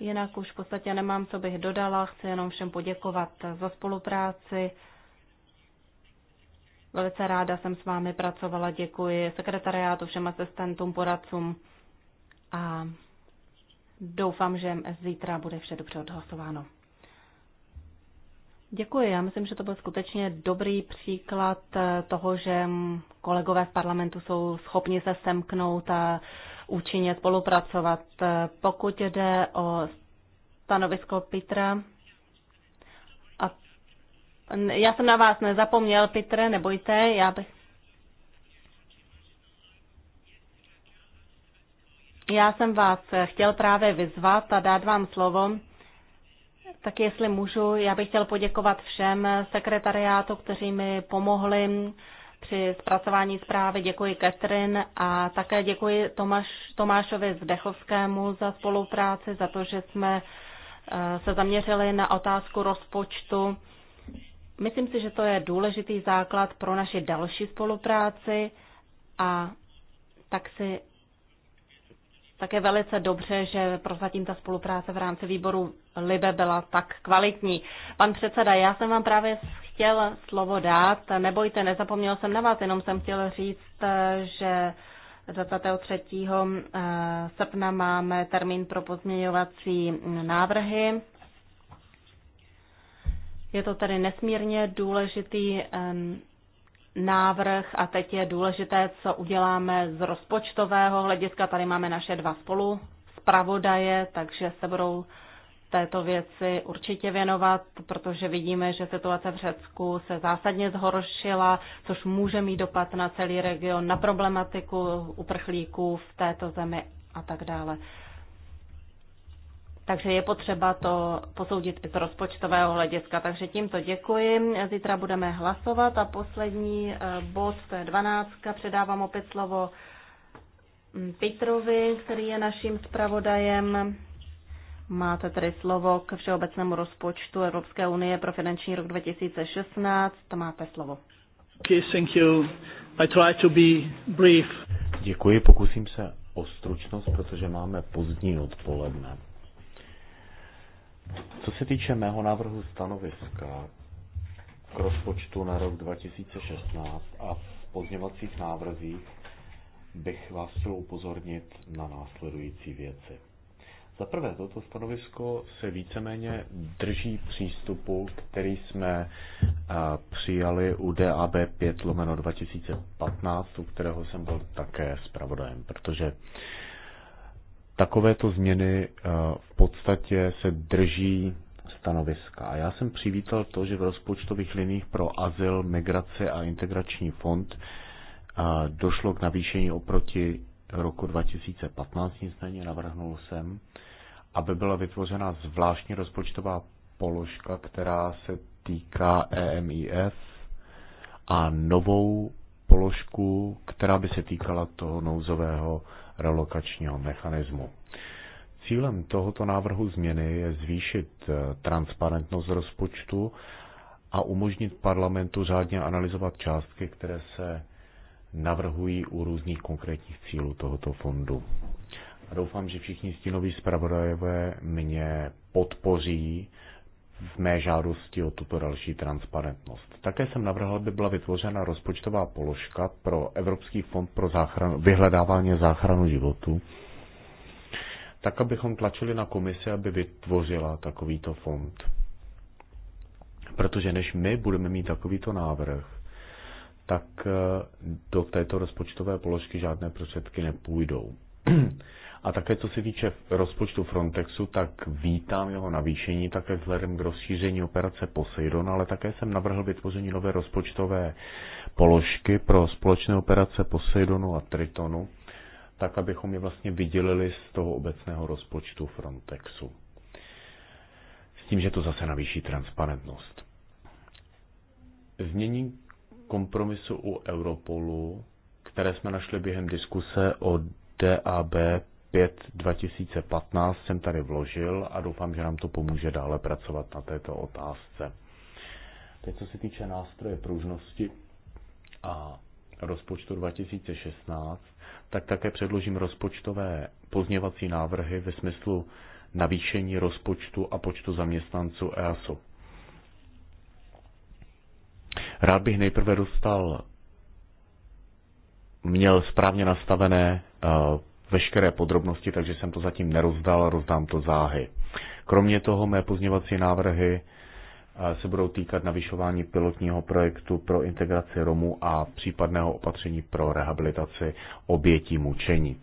Jinak už v podstatě nemám, co bych dodala. Chci jenom všem poděkovat za spolupráci. Velice ráda jsem s vámi pracovala. Děkuji sekretariátu, všem asistentům, poradcům a doufám, že zítra bude vše dobře odhlasováno. Děkuji. Já myslím, že to byl skutečně dobrý příklad toho, že kolegové v parlamentu jsou schopni se semknout a účinně spolupracovat. Pokud jde o stanovisko Petra, a já jsem na vás nezapomněl, Petre, nebojte, já bych Já jsem vás chtěl právě vyzvat a dát vám slovo. Tak jestli můžu, já bych chtěl poděkovat všem sekretariátu, kteří mi pomohli při zpracování zprávy. Děkuji Katrin a také děkuji Tomáš, Tomášovi Zdechovskému za spolupráci, za to, že jsme eh, se zaměřili na otázku rozpočtu. Myslím si, že to je důležitý základ pro naši další spolupráci a tak si také velice dobře, že prozatím ta spolupráce v rámci výboru Libe byla tak kvalitní. Pan předseda, já jsem vám právě chtěl slovo dát. Nebojte, nezapomněl jsem na vás, jenom jsem chtěl říct, že 23. Eh, srpna máme termín pro pozměňovací návrhy. Je to tedy nesmírně důležitý návrh a teď je důležité, co uděláme z rozpočtového hlediska. Tady máme naše dva spolu zpravodaje, takže se budou této věci určitě věnovat, protože vidíme, že situace v Řecku se zásadně zhoršila, což může mít dopad na celý region, na problematiku uprchlíků v této zemi a tak dále. Takže je potřeba to posoudit i z rozpočtového hlediska. Takže tímto děkuji. Zítra budeme hlasovat a poslední eh, bod, to je 12. Předávám opět slovo hm, Petrovi, který je naším zpravodajem. Máte tady slovo k všeobecnému rozpočtu Evropské unie pro finanční rok 2016. Máte slovo. Okay, thank you. I try to be brief. Děkuji, pokusím se o stručnost, protože máme pozdní odpoledne. Co se týče mého návrhu stanoviska k rozpočtu na rok 2016 a v pozněvacích návrzích, bych vás chtěl upozornit na následující věci. Za prvé, toto stanovisko se víceméně drží přístupu, který jsme eh, přijali u DAB 5 lomeno 2015, u kterého jsem byl také zpravodajem, protože takovéto změny eh, v podstatě se drží stanoviska. A já jsem přivítal to, že v rozpočtových liních pro azyl, migrace a integrační fond eh, došlo k navýšení oproti roku 2015, nicméně navrhnul jsem, aby byla vytvořena zvláštní rozpočtová položka, která se týká EMIF a novou položku, která by se týkala toho nouzového relokačního mechanismu. Cílem tohoto návrhu změny je zvýšit eh, transparentnost rozpočtu a umožnit parlamentu řádně analyzovat částky, které se navrhují u různých konkrétních cílů tohoto fondu. A doufám, že všichni stínoví zpravodajové mě podpoří v mé žádosti o tuto další transparentnost. Také jsem navrhl, aby byla vytvořena rozpočtová položka pro Evropský fond pro záchranu, vyhledávání záchranu životu, tak abychom tlačili na komisi, aby vytvořila takovýto fond. Protože než my budeme mít takovýto návrh, tak eh, do této rozpočtové položky žádné prostředky nepůjdou. A také co se týče rozpočtu Frontexu, tak vítám jeho navýšení také vzhledem k rozšíření operace Poseidon, ale také jsem navrhl vytvoření nové rozpočtové položky pro společné operace Poseidonu a Tritonu, tak abychom je vlastně vydělili z toho obecného rozpočtu Frontexu. S tím, že to zase navýší transparentnost. Změní kompromisu u Europolu, které jsme našli během diskuse o DAB 5 2015 jsem tady vložil a doufám, že nám to pomůže dále pracovat na této otázce. Teď co se týče nástroje pružnosti a rozpočtu 2016, tak také předložím rozpočtové pozněvací návrhy ve smyslu navýšení rozpočtu a počtu zaměstnanců EASO. Rád bych nejprve dostal, měl správně nastavené eh, veškeré podrobnosti, takže jsem to zatím nerozdal, rozdám to záhy. Kromě toho mé pozněvací návrhy eh, se budou týkat navyšování pilotního projektu pro integraci Romů a případného opatření pro rehabilitaci obětí mučení.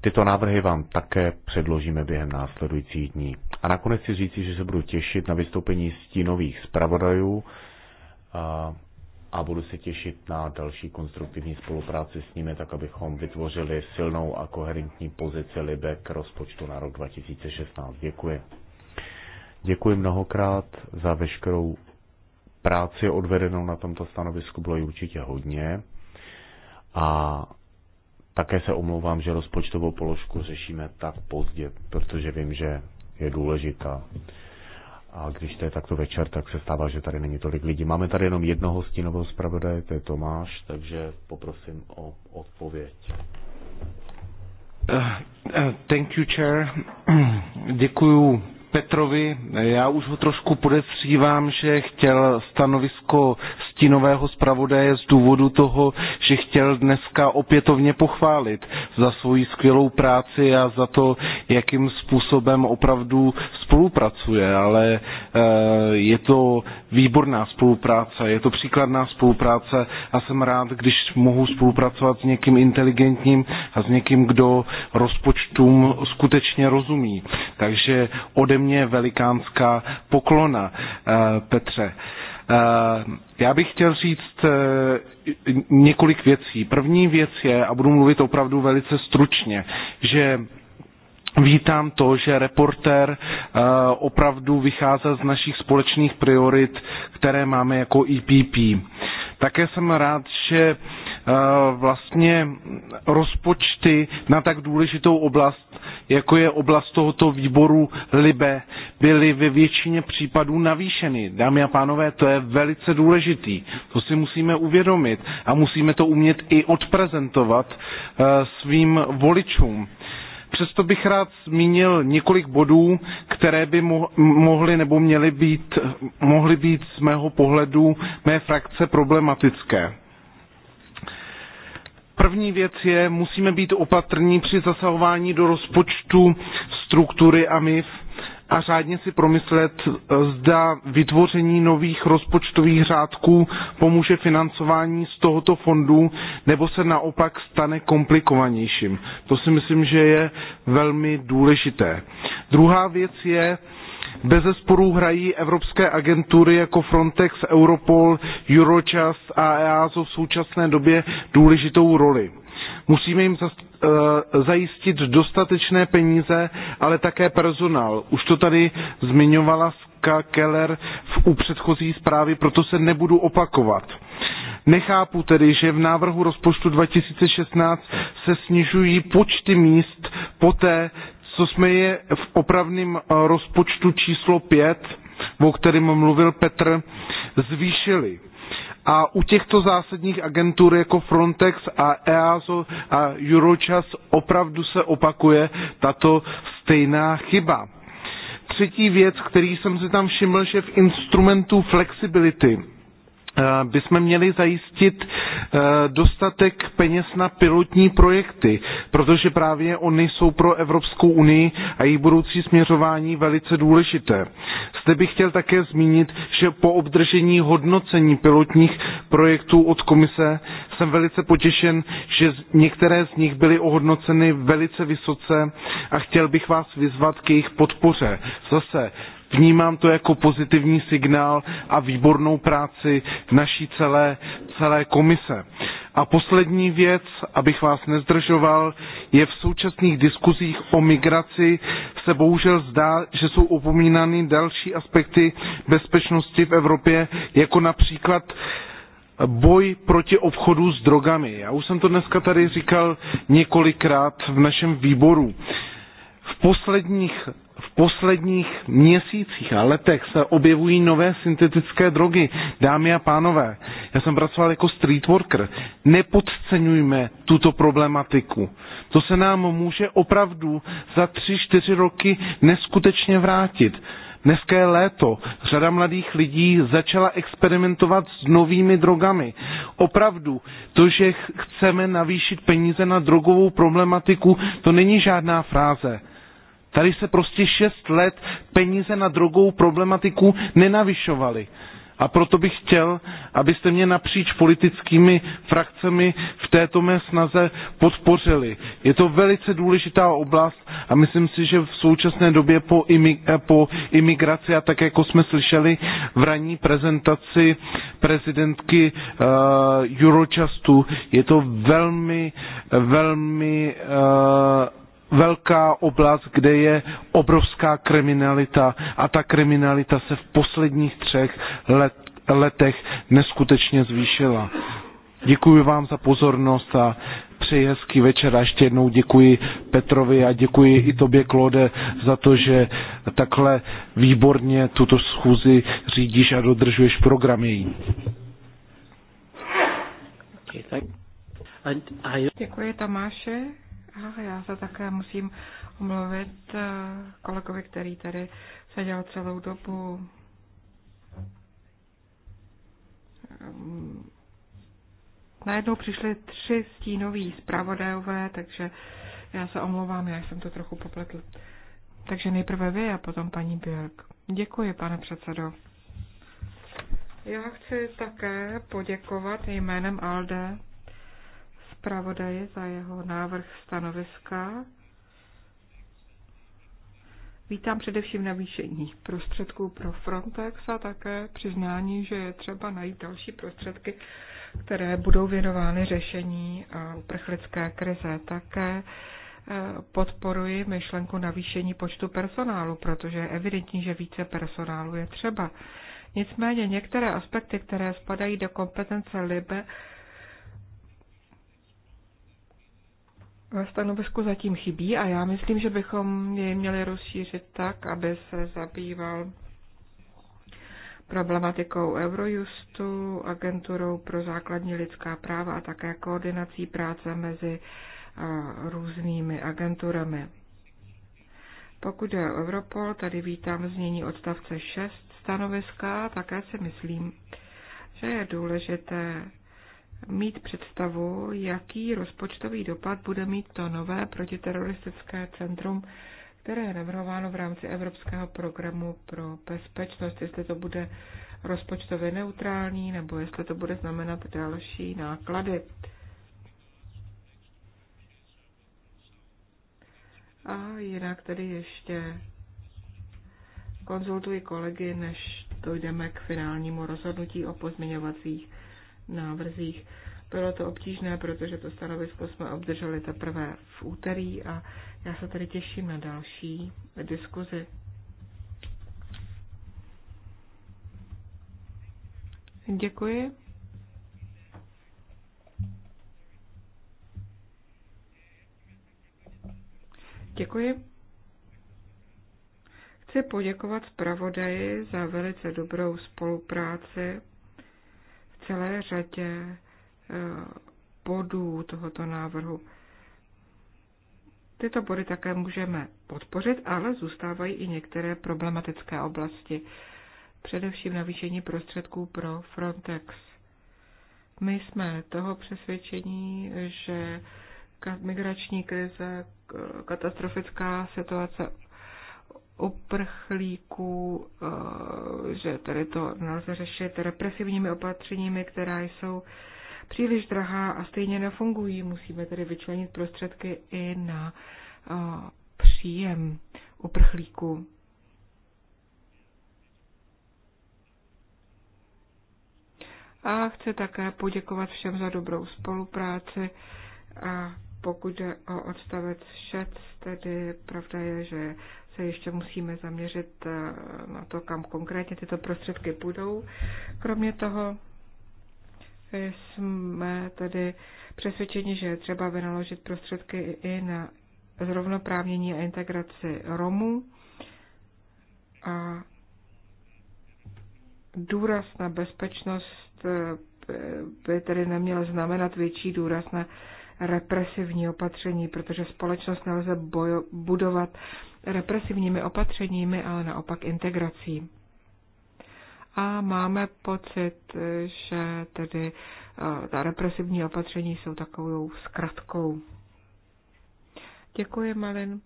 Tyto návrhy vám také předložíme během následujících dní. A nakonec si říci, že se budu těšit na vystoupení stínových zpravodajů a budu se těšit na další konstruktivní spolupráci s nimi, tak abychom vytvořili silnou a koherentní pozici Libe k rozpočtu na rok 2016. Děkuji. Děkuji mnohokrát za veškerou práci odvedenou na tomto stanovisku, bylo ji určitě hodně. A také se omlouvám, že rozpočtovou položku řešíme tak pozdě, protože vím, že je důležitá. A když to je takto večer, tak se stává, že tady není tolik lidí. Máme tady jenom jednoho stínového zpravodaje, to je Tomáš, takže poprosím o odpověď. Uh, uh, thank you, chair. Děkuju Petrovi. Já už ho trošku podezřívám, že chtěl stanovisko stínového zpravodaje z důvodu toho, že chtěl dneska opětovně pochválit za svoji skvělou práci a za to, jakým způsobem opravdu spolupracuje, ale eh, je to výborná spolupráce, je to příkladná spolupráce a jsem rád, když mohu spolupracovat s někým inteligentním a s někým, kdo rozpočtům skutečně rozumí. Takže ode mě velikánská poklona, eh, Petře. Eh, já bych chtěl říct eh, několik věcí. První věc je, a budu mluvit opravdu velice stručně, že Vítám to, že reportér opravdu vycházel z našich společných priorit, které máme jako EPP. Také jsem rád, že Eh, vlastně rozpočty na tak důležitou oblast, jako je oblast tohoto výboru LIBE, byly ve většině případů navýšeny. Dámy a pánové, to je velice důležitý. To si musíme uvědomit a musíme to umět i odprezentovat eh, svým voličům. Přesto bych rád zmínil několik bodů, které by mohly nebo měly být, mohly být z mého pohledu mé frakce problematické. První věc je, musíme být opatrní při zasahování do rozpočtu struktury a MIF a řádně si promyslet, eh, zda vytvoření nových rozpočtových řádků pomůže financování z tohoto fondu, nebo se naopak stane komplikovanějším. To si myslím, že je velmi důležité. Druhá věc je, bez zesporu hrají evropské agentury jako Frontex, Europol, Eurojust a EASO v současné době důležitou roli. Musíme jim eh, zajistit dostatečné peníze, ale také personál. Už to tady zmiňovala Ska Keller v, u předchozí zprávy, proto se nebudu opakovat. Nechápu tedy, že v návrhu rozpočtu 2016 se snižují počty míst poté, co jsme je v opravném eh, rozpočtu číslo 5, o kterém mluvil Petr, zvýšili. A u těchto zásadních agentur jako Frontex a EASO a Eurochas opravdu se opakuje tato stejná chyba. Třetí věc, který jsem si tam všiml, že v instrumentu flexibility Eh, bychom měli zajistit eh, dostatek peněz na pilotní projekty, protože právě oni jsou pro Evropskou unii a její budoucí směřování velice důležité. Zde bych chtěl také zmínit, že po obdržení hodnocení pilotních projektů od komise jsem velice potěšen, že některé z nich byly ohodnoceny velice vysoce a chtěl bych vás vyzvat k jejich podpoře. Zase Vnímám to jako pozitivní signál a výbornou práci naší celé, celé komise. A poslední věc, abych vás nezdržoval, je v současných diskuzích o migraci se bohužel zdá, že jsou opomínány další aspekty bezpečnosti v Evropě, jako například boj proti obchodu s drogami. Já už jsem to dneska tady říkal několikrát v našem výboru. V posledních v posledních měsících a letech se objevují nové syntetické drogy. Dámy a pánové, já jsem pracoval jako street worker. Nepodceňujme tuto problematiku. To se nám může opravdu za tři, čtyři roky neskutečně vrátit. Dneska je léto, řada mladých lidí začala experimentovat s novými drogami. Opravdu, to, že chceme navýšit peníze na drogovou problematiku, to není žádná fráze Tady se prostě šest let peníze na drogovou problematiku nenavyšovaly. A proto bych chtěl, abyste mě napříč politickými frakcemi v této mé snaze podpořili. Je to velice důležitá oblast a myslím si, že v současné době po, imig- eh, po imigraci a tak, jako jsme slyšeli v ranní prezentaci prezidentky uh, Eurojustu, je to velmi, velmi uh, velká oblast, kde je obrovská kriminalita a ta kriminalita se v posledních třech let, letech neskutečně zvýšila. Děkuji vám za pozornost a přeji hezký večer a ještě jednou děkuji Petrovi a děkuji i tobě, Klode, za to, že takhle výborně tuto schůzi řídíš a dodržuješ program její. Děkuji, Tomáše já se také musím omluvit eh, kolegovi, který tady seděl celou dobu. Ehm, najednou přišly tři stínoví zpravodajové, takže já se omlouvám, já jsem to trochu popletl. Takže nejprve vy a potom paní Björk. Děkuji, pane předsedo. Já chci také poděkovat jménem Alde zpravodaje za jeho návrh stanoviska. Vítám především navýšení prostředků pro Frontex a také přiznání, že je třeba najít další prostředky, které budou věnovány řešení eh, uprchlické krize. Také eh, podporuji myšlenku navýšení počtu personálu, protože je evidentní, že více personálu je třeba. Nicméně některé aspekty, které spadají do kompetence LIBE, ve stanovisku zatím chybí a já myslím, že bychom jej měli rozšířit tak, aby se zabýval problematikou Eurojustu, agenturou pro základní lidská práva a také koordinací práce mezi eh, různými agenturami. Pokud je o Europol, tady vítám změní odstavce 6 stanoviska, také si myslím, že je důležité mít představu, jaký rozpočtový dopad bude mít to nové protiteroristické centrum, které je navrhováno v rámci Evropského programu pro bezpečnost, jestli to bude rozpočtově neutrální nebo jestli to bude znamenat další náklady. A jinak tedy ještě konzultuji kolegy, než dojdeme k finálnímu rozhodnutí o pozměňovacích návrzích. Bylo to obtížné, protože to stanovisko jsme obdrželi teprve v úterý a já se tedy těším na další diskuzi. Děkuji. Děkuji. Chci poděkovat zpravodaji za velice dobrou spolupráci celé řadě eh, bodů tohoto návrhu. Tyto body také můžeme podpořit, ale zůstávají i některé problematické oblasti, především navýšení prostředků pro Frontex. My jsme toho přesvědčení, že migrační krize, katastrofická situace uprchlíků, eh, že tady to nelze řešit represivními opatřeními, která jsou příliš drahá a stejně nefungují. Musíme tedy vyčlenit prostředky i na eh, příjem uprchlíků. A chci také poděkovat všem za dobrou spolupráci a pokud jde o odstavec 6, tedy pravda je, že se ještě musíme zaměřit eh, na to, kam konkrétně tyto prostředky půjdou. Kromě toho eh, jsme tedy přesvědčeni, že je třeba vynaložit prostředky i na zrovnoprávnění a integraci Romů a důraz na bezpečnost eh, by tedy neměl znamenat větší důraz na represivní opatření, protože společnost nelze bojo, budovat represivními opatřeními, ale naopak integrací. A máme pocit, že tedy eh, ta represivní opatření jsou takovou zkratkou. Děkuji, Malin.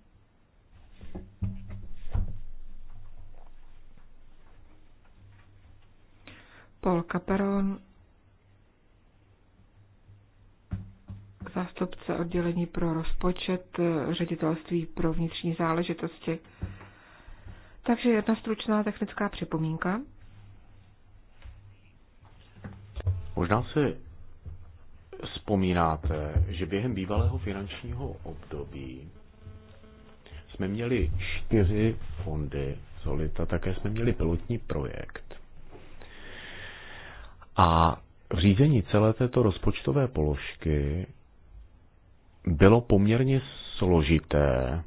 Paul Caperon zástupce oddělení pro rozpočet eh, ředitelství pro vnitřní záležitosti. Takže jedna stručná technická připomínka. Možná si vzpomínáte, že během bývalého finančního období jsme měli čtyři fondy Solita, také jsme měli pilotní projekt. A řízení celé této rozpočtové položky bylo poměrně složité,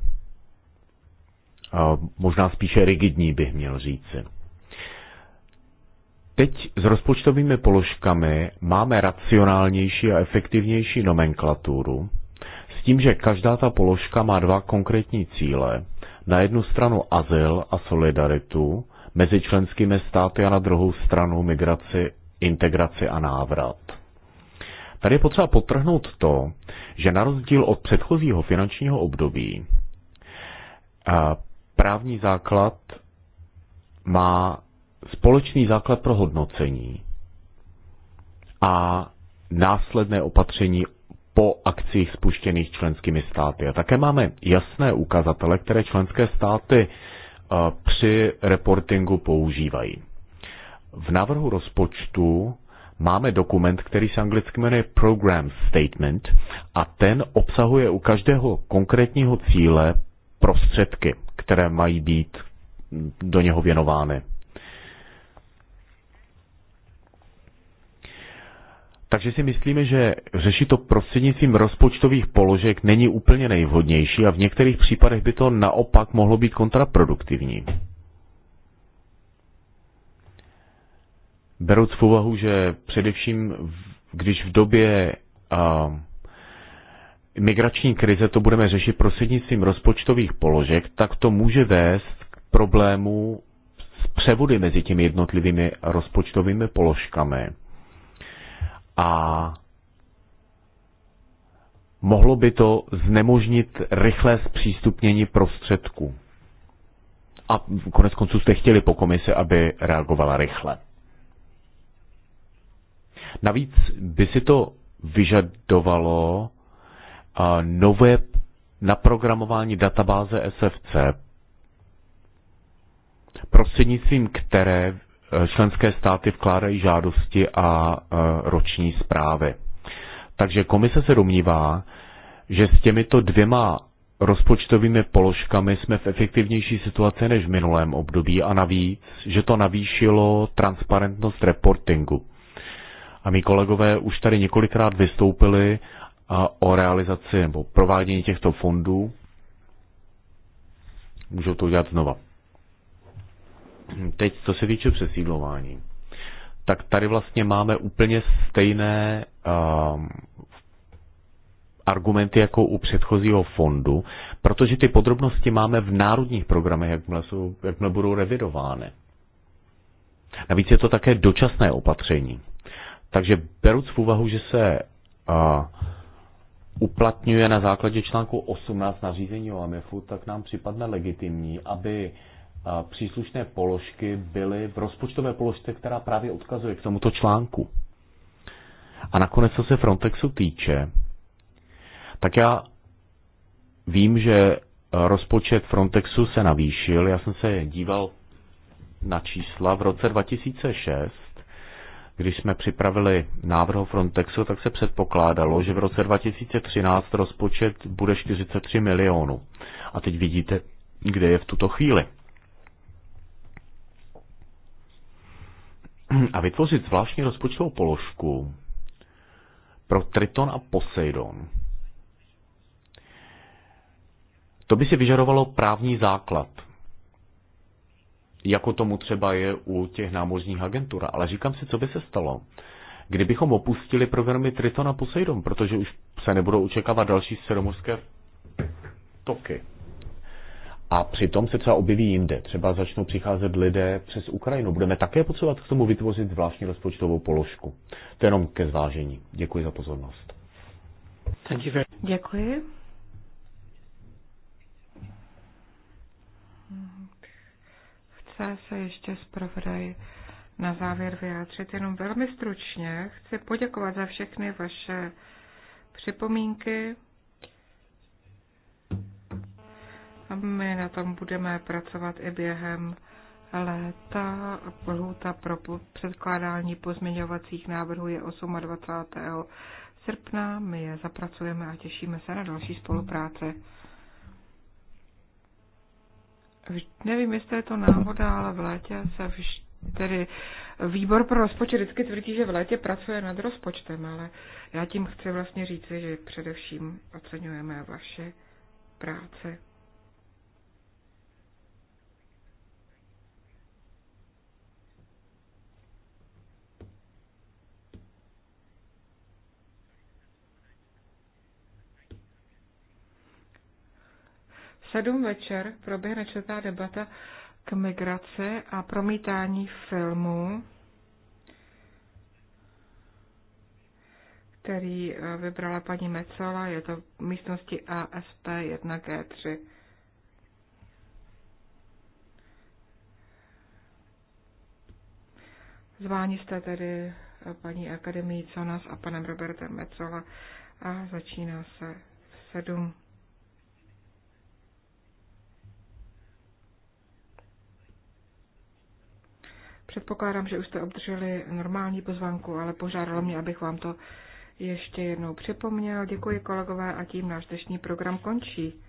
a možná spíše rigidní bych měl říci. Teď s rozpočtovými položkami máme racionálnější a efektivnější nomenklaturu, s tím, že každá ta položka má dva konkrétní cíle. Na jednu stranu azyl a solidaritu mezi členskými státy a na druhou stranu migraci, integraci a návrat. Tady je potřeba potrhnout to, že na rozdíl od předchozího finančního období právní základ má společný základ pro hodnocení a následné opatření po akcích spuštěných členskými státy. A také máme jasné ukazatele, které členské státy při reportingu používají. V návrhu rozpočtu máme dokument, který se anglicky jmenuje Program Statement a ten obsahuje u každého konkrétního cíle prostředky, které mají být do něho věnovány. Takže si myslíme, že řešit to prostřednictvím rozpočtových položek není úplně nejvhodnější a v některých případech by to naopak mohlo být kontraproduktivní. Beru v úvahu, že především když v době a, migrační krize to budeme řešit prostřednictvím rozpočtových položek, tak to může vést k problému s převody mezi těmi jednotlivými rozpočtovými položkami. A mohlo by to znemožnit rychlé zpřístupnění prostředků. A konec konců jste chtěli po komisi, aby reagovala rychle. Navíc by si to vyžadovalo eh, nové naprogramování databáze SFC, prostřednictvím které eh, členské státy vkládají žádosti a eh, roční zprávy. Takže komise se domnívá, že s těmito dvěma rozpočtovými položkami jsme v efektivnější situaci než v minulém období a navíc, že to navýšilo transparentnost reportingu. A mý kolegové už tady několikrát vystoupili o realizaci nebo provádění těchto fondů. Můžou to udělat znova. Teď, co se týče přesídlování, tak tady vlastně máme úplně stejné uh, argumenty jako u předchozího fondu, protože ty podrobnosti máme v národních programech, jakmile, jsou, jakmile budou revidovány. Navíc je to také dočasné opatření. Takže beruc v úvahu, že se a, uplatňuje na základě článku 18 nařízení o AMIFu, tak nám připadne legitimní, aby a, příslušné položky byly v rozpočtové položce, která právě odkazuje k tomuto článku. A nakonec, co se Frontexu týče, tak já vím, že rozpočet Frontexu se navýšil. Já jsem se díval na čísla v roce 2006 když jsme připravili návrh Frontexu, tak se předpokládalo, že v roce 2013 rozpočet bude 43 milionů. A teď vidíte, kde je v tuto chvíli. A vytvořit zvláštní rozpočtovou položku pro Triton a Poseidon. To by si vyžadovalo právní základ jako tomu třeba je u těch námořních agentur. Ale říkám si, co by se stalo, kdybychom opustili programy Triton a Poseidon, protože už se nebudou očekávat další středomorské toky. A přitom se třeba objeví jinde. Třeba začnou přicházet lidé přes Ukrajinu. Budeme také potřebovat k tomu vytvořit zvláštní rozpočtovou položku. To je jenom ke zvážení. Děkuji za pozornost. Děkuji. chce se ještě zpravodaj na závěr vyjádřit. Jenom velmi stručně chci poděkovat za všechny vaše připomínky. A my na tom budeme pracovat i během léta. Lhůta pro předkládání pozměňovacích návrhů je 28. srpna. My je zapracujeme a těšíme se na další spolupráce nevím, jestli je to náhoda, ale v létě se vž, tedy výbor pro rozpočet vždycky tvrdí, že v létě pracuje nad rozpočtem, ale já tím chci vlastně říci, že především oceňujeme vaše práce. sedm večer proběhne četá debata k migraci a promítání filmu, který eh, vybrala paní Mecola, je to v místnosti ASP 1G3. Zváni jste tedy eh, paní akademii Conas a panem Robertem Mecola a začíná se v sedm. Předpokládám, že už jste obdrželi normální pozvánku, ale požádalo mě, abych vám to ještě jednou připomněl. Děkuji kolegové a tím náš dnešní program končí.